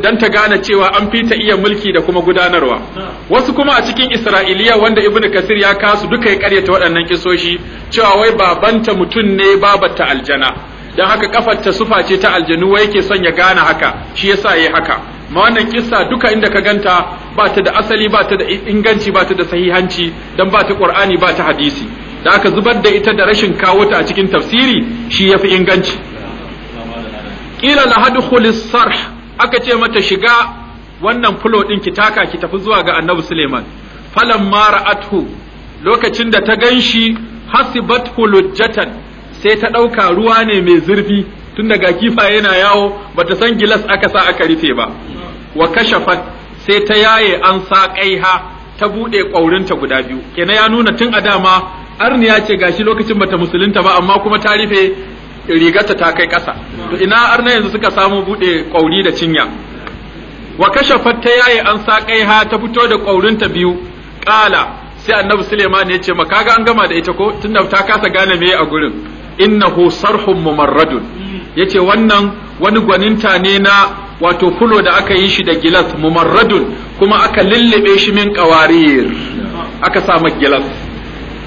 dan ta gane cewa an fita iya mulki da kuma gudanarwa wasu kuma a cikin isra'iliya wanda ibnu kasir ya kasu duka ya karyata waɗannan kisoshi cewa wai babanta mutum ne babata aljana dan haka ta sufa ce ta aljanu wai yake son ya gane haka shi yasa yayi haka ma wannan kissa duka inda ka ganta ba ta da asali ba ta da inganci ba ta da sahihanci dan ba ta qur'ani ba ta hadisi da aka zubar da ita da rashin kawo ta a cikin tafsiri shi yafi inganci Ƙila la hadkhul sarh aka ce mata shiga wannan fulo ɗin ki taka ki tafi zuwa ga annabi Suleiman Mara athu lokacin da ta ganshi hasibat hulujjatan sai ta ɗauka ruwa ne mai zurfi tun daga kifa yana yawo bata san gilas aka sa aka rufe ba wa kashafat sai ta yaye an sa kaiha ta buɗe ƙwaurinta guda biyu kenan ya nuna tun a dama arniya ce gashi lokacin bata musulunta ba amma kuma ta rufe rigarta ta kai ƙasa to ina har na yanzu suka samu buɗe ƙauri da cinya wa kashe fatta yaye an kai ha ta fito da ta biyu ƙala sai annabi suleiman ya ce ma kaga an gama da ita ko tunda ta kasa gane me a gurin innahu sarhun mumarradun yace wannan wani gwaninta ne na wato fulo da aka yi shi da gilas mumarradun kuma aka lullube shi min qawarir aka sa gilas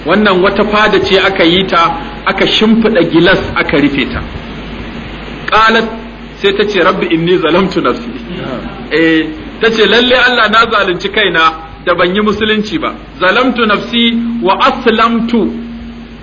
wannan wata fada ce aka yi ta aka shimfiɗa gilas aka rufe ta qalat sai ta ce rabbi inni zalamtu nafsi eh ta ce lalle Allah na zalunci kaina da ban yi musulunci ba zalamtu nafsi wa aslamtu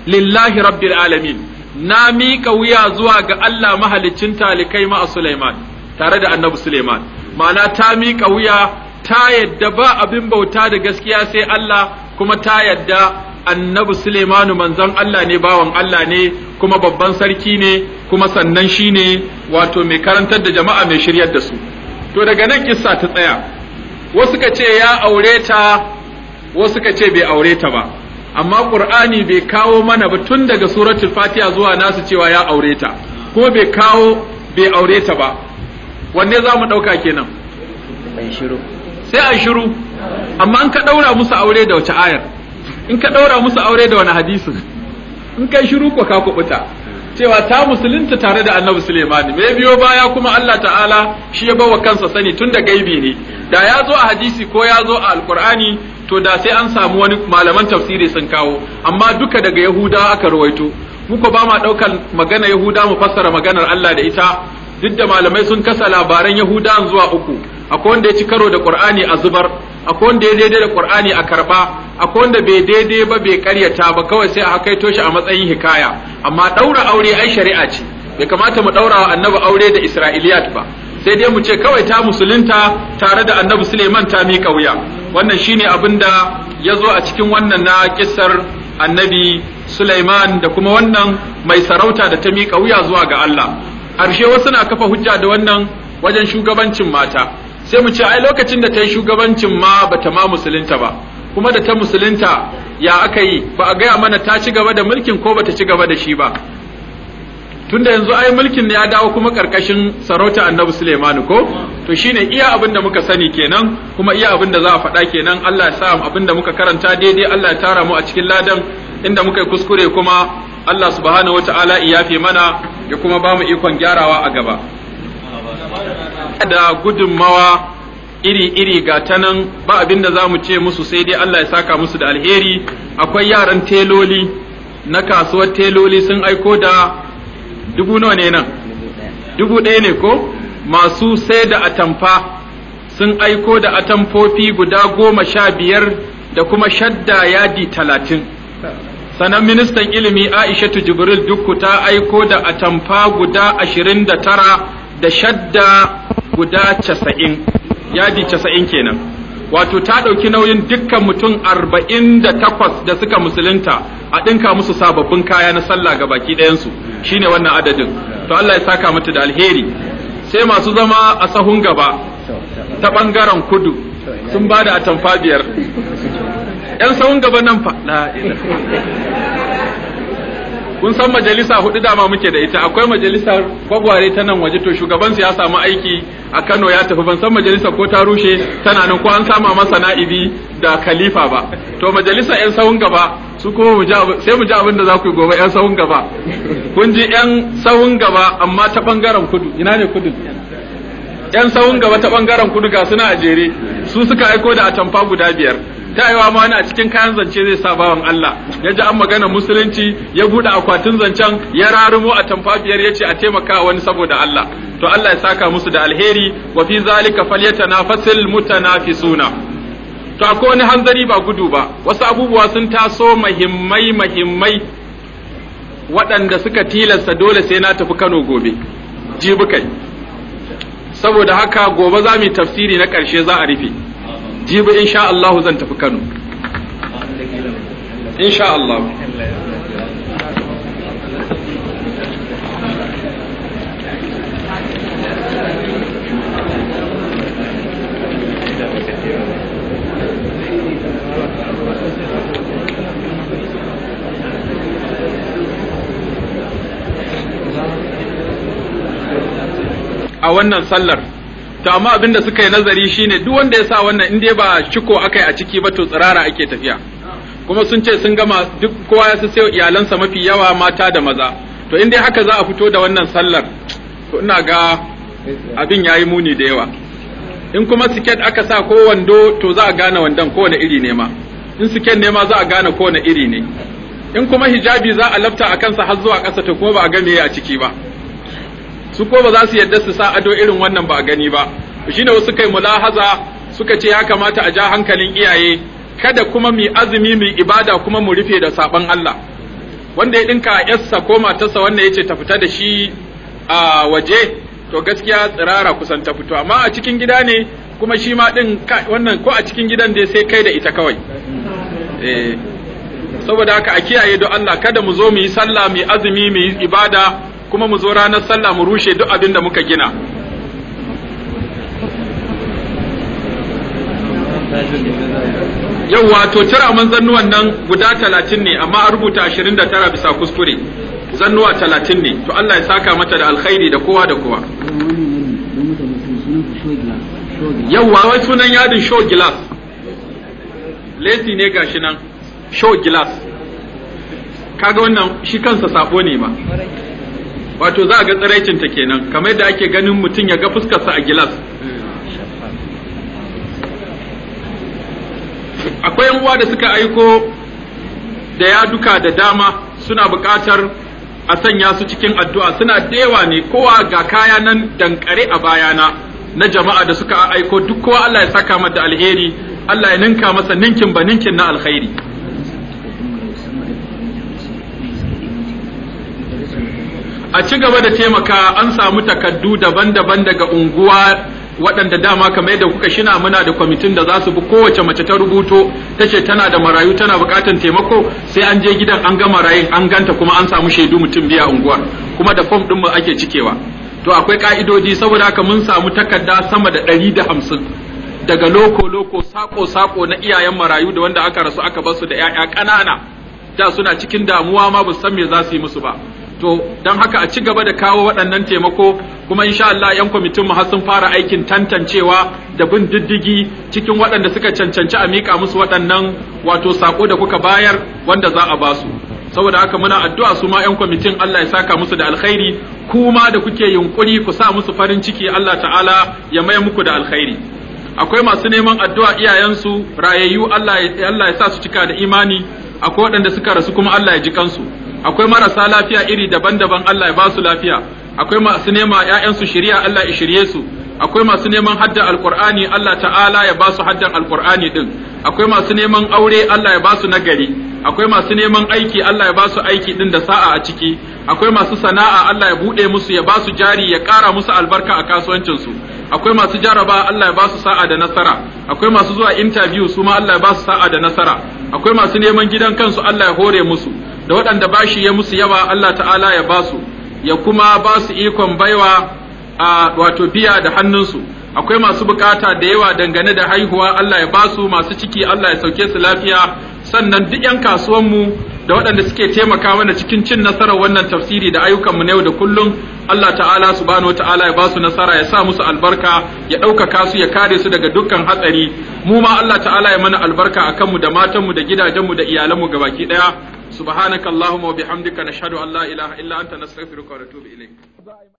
lillahi rabbil alamin na miƙa wuya zuwa ga Allah mahalicin talikai ma a Sulaiman tare da annabi Sulaiman ma'ana ta miƙa wuya ta yadda ba abin bauta da gaskiya sai Allah kuma ta yadda annabi Suleimanu manzon Allah ne bawan Allah ne kuma babban sarki ne kuma sannan shi ne wato mai karantar da jama'a mai shiryar da su to daga nan kissa ta tsaya wasu ka ce ya aure ta wasu ka ce bai aure ta ba amma qur'ani bai kawo mana ba tun daga suratul fatiha zuwa nasu cewa ya aure ta ko bai kawo bai aure ta ba wanne za mu ɗauka kenan sai a shiru amma an ka ɗaura musu aure da wace ayar in ka ɗaura musu aure da wani hadisin in kai shiru ko ka kubuta cewa ta musulunta tare da annabi Suleimani me biyo baya kuma Allah ta'ala shi ya bawa kansa sani tun da gaibi ne da ya zo a hadisi ko ya zo a alkur'ani to da sai an samu wani malaman tafsiri sun kawo amma duka daga yahuda aka rawaito muka ba ma ɗaukar magana yahuda mu fassara maganar Allah da ita duk da malamai sun kasa labaran yahudan zuwa uku akwai wanda ya ci karo da qur'ani a zubar akwai wanda ya daidai da qur'ani a karba akwai wanda bai daidai ba bai karyata ba kawai sai a hakaito shi a matsayin hikaya amma daura aure ai shari'a ce bai kamata mu daura wa annabi aure da isra'iliyat ba sai dai mu ce kawai ta musulunta tare da annabi suleiman ta miƙa wuya wannan shine abin da ya zo a cikin wannan na kissar annabi suleiman da kuma wannan mai sarauta da ta miƙa wuya zuwa ga allah ƙarshe wasu na kafa hujja da wannan wajen shugabancin mata sai mu ce ai lokacin da ta yi shugabancin ma ba ta ma musulunta ba kuma da ta musulunta ya aka yi ba a gaya mana ta ci gaba da mulkin ko ba ta ci gaba da shi ba tunda yanzu ai mulkin ya dawo kuma karkashin sarauta annabi sulaiman ko to shine iya abin da muka sani kenan kuma iya abin da za a faɗa kenan Allah ya sa abin da muka karanta daidai Allah ya tara mu a cikin ladan inda muka yi kuskure kuma Allah subhanahu wataala ya yafe mana ya kuma ba mu ikon gyarawa a gaba da gudunmawa iri-iri ga ta nan ba abin da za mu ce musu sai dai Allah ya saka musu da alheri akwai yaran teloli na kasuwar teloli sun aiko da dubu nawa ne nan dubu ɗaya ne ko masu sai da atamfa sun aiko da atamfofi guda goma sha biyar da kuma shadda yadi talatin sanan ministan ilimi aishatu jibril dukku ta aiko da atamfa guda ashirin da tara da shadda guda casa'in yadi casa'in kenan wato ta ɗauki nauyin dukkan mutum arba'in da takwas da suka musulunta a ɗinka musu sababbin kaya na sallah ga baki ɗayansu shine wannan adadin to Allah ya saka mata da alheri sai masu zama a sahun gaba ta ɓangaren kudu sun ba da atamfa biyar ‘yan sahun gaba nan fa kun san majalisa hudu dama muke da ita akwai majalisar gwagware ta nan waje to shugaban su ya samu aiki a Kano ya tafi ban san majalisa ko ta rushe tana nan ko an sama masa na'ibi da khalifa ba to majalisa yan sahun gaba su kuma sai mu ji abin da za ku yi gobe yan sahun gaba kun ji yan sahun gaba amma ta bangaren kudu ina ne kudu yan sahun gaba ta bangaren kudu ga suna a jere su suka aiko da atamfa guda biyar ta ma wani a cikin kayan zance zai sa bawan Allah ya ji an magana musulunci ya buɗe akwatin zancen ya rarumo a tamfafiyar ya ce a taimaka wani saboda Allah to Allah ya saka musu da alheri wa fi zalika falyatanafasil mutanafisuna to akwai wani hanzari ba gudu ba wasu abubuwa sun taso mahimmai mahimmai waɗanda suka tilasta dole sai na tafi Kano gobe jibi kai saboda haka gobe za mu yi tafsiri na ƙarshe za a rufe jibi insha Allah zan tafi Kano insha Allah a wannan sallar to amma abin da suka yi nazari shine duk wanda ya sa wannan in dai ba ciko aka akai a ciki ba to tsirara ake tafiya kuma sun ce sun gama duk kowa ya sai iyalansa mafi yawa mata da maza to in dai haka za a fito da wannan sallar to ina ga abin yayi muni da yawa in kuma siket aka sa ko wando to za a gane wandon kowane iri ne ma in siket ne ma za a gane kowane iri ne in kuma hijabi za a lafta a kansa har zuwa ƙasa to kuma ba a ga meye a ciki ba su ko ba za su yadda su sa ado irin wannan ba gani ba shine wasu kai mulahaza suka ce ya kamata a ja hankalin iyaye kada kuma mu azumi mu ibada kuma mu rufe da saban Allah wanda ya dinka yarsa ko matarsa wannan yace ta fita da shi a waje to gaskiya tsirara kusan ta fito amma a cikin gida ne kuma shi ma din wannan ko a cikin gidan dai sai kai da ita kawai eh saboda haka a kiyaye don Allah kada mu zo mu yi sallah mu azumi mu yi ibada kuma mu zo ranar sallah mu rushe duk abin da muka gina yau wato tara mun zannuwan nan guda talatin ne amma a rubuta ashirin da tara bisa kuskure zannuwa talatin ne to Allah ya saka mata da alkhairi da kowa da kowa wa wai sunan yadin show glass lesi ne gashi nan show glass kaga wannan shi kansa sabo ne ba wato za a ga tsiraicinta kenan kamar yadda ake ganin mutum ya ga fuskarsa a gilas akwai yan uwa da suka aiko da ya duka da dama suna buƙatar a sanya su cikin addu'a suna dewa ne kowa ga kaya nan dankare a bayana na jama'a da suka aiko duk kowa Allah ya saka mata alheri Allah ya ninka masa ninkin ba ninkin na alkhairi a ci gaba da taimaka an samu takaddu daban-daban daga unguwa waɗanda dama kamar yadda kuka shina muna da kwamitin da za su bi kowace mace ta rubuto ta ce tana da marayu tana buƙatar taimako sai an je gidan an ga marayun an ganta kuma an samu shaidu mutum biya unguwar kuma da fom ɗin mu ake cikewa to akwai ka'idoji saboda haka mun samu takarda sama da ɗari da hamsin daga loko-loko sako-sako na iyayen marayu da wanda aka rasu aka su da 'ya'ya ƙanana da suna cikin damuwa ma ba san me za su yi musu ba to don haka a ci gaba da kawo waɗannan taimako kuma in sha Allah yan kwamitin mu har sun fara aikin tantancewa da bin diddigi cikin waɗanda suka cancanci a miƙa musu waɗannan wato sako da kuka bayar wanda za a basu saboda haka muna addu'a su ma yan kwamitin Allah ya saka musu da alkhairi kuma da kuke yunƙuri ku sa musu farin ciki Allah ta'ala ya maye muku da alkhairi akwai masu neman addu'a iyayensu rayayyu Allah ya sa su cika da imani akwai waɗanda suka rasu kuma Allah ya ji kansu akwai marasa lafiya iri daban-daban Allah ya ba su lafiya akwai masu nema 'ya'yansu shari'a Allah ya shirye su akwai masu neman hadda alqur'ani Allah ta'ala ya ba su haddan alqur'ani din akwai masu neman aure Allah ya ba su nagari akwai masu neman aiki Allah ya ba su aiki din da sa'a a ciki akwai masu sana'a Allah ya buɗe musu ya ba su jari ya ƙara musu albarka a kasuwancin su akwai masu jaraba Allah ya ba su sa'a da nasara akwai masu zuwa interview su ma Allah ya ba su sa'a da nasara akwai masu neman gidan kansu Allah ya hore musu da waɗanda ba shi ya musu yawa Allah ta'ala ya ba su, ya kuma ba su ikon baiwa a wato biya da hannunsu akwai masu bukata da yawa dangane da haihuwa Allah ya ba su masu ciki Allah ya sauke su lafiya sannan duk 'yan kasuwanmu da waɗanda suke taimaka mana cikin cin nasarar wannan tafsiri da ayyukanmu na yau da kullum Allah ta'ala subhanahu ta'ala ya ba su nasara ya sa musu albarka ya ɗaukaka su ya kare su daga dukkan hatsari mu ma Allah ta'ala ya mana albarka akan mu da matanmu da gidajenmu da iyalanmu gabaki ɗaya subhanakallahumma wa bihamdika nashhadu an la ilaha illa anta nastaghfiruka wa natubu ilayk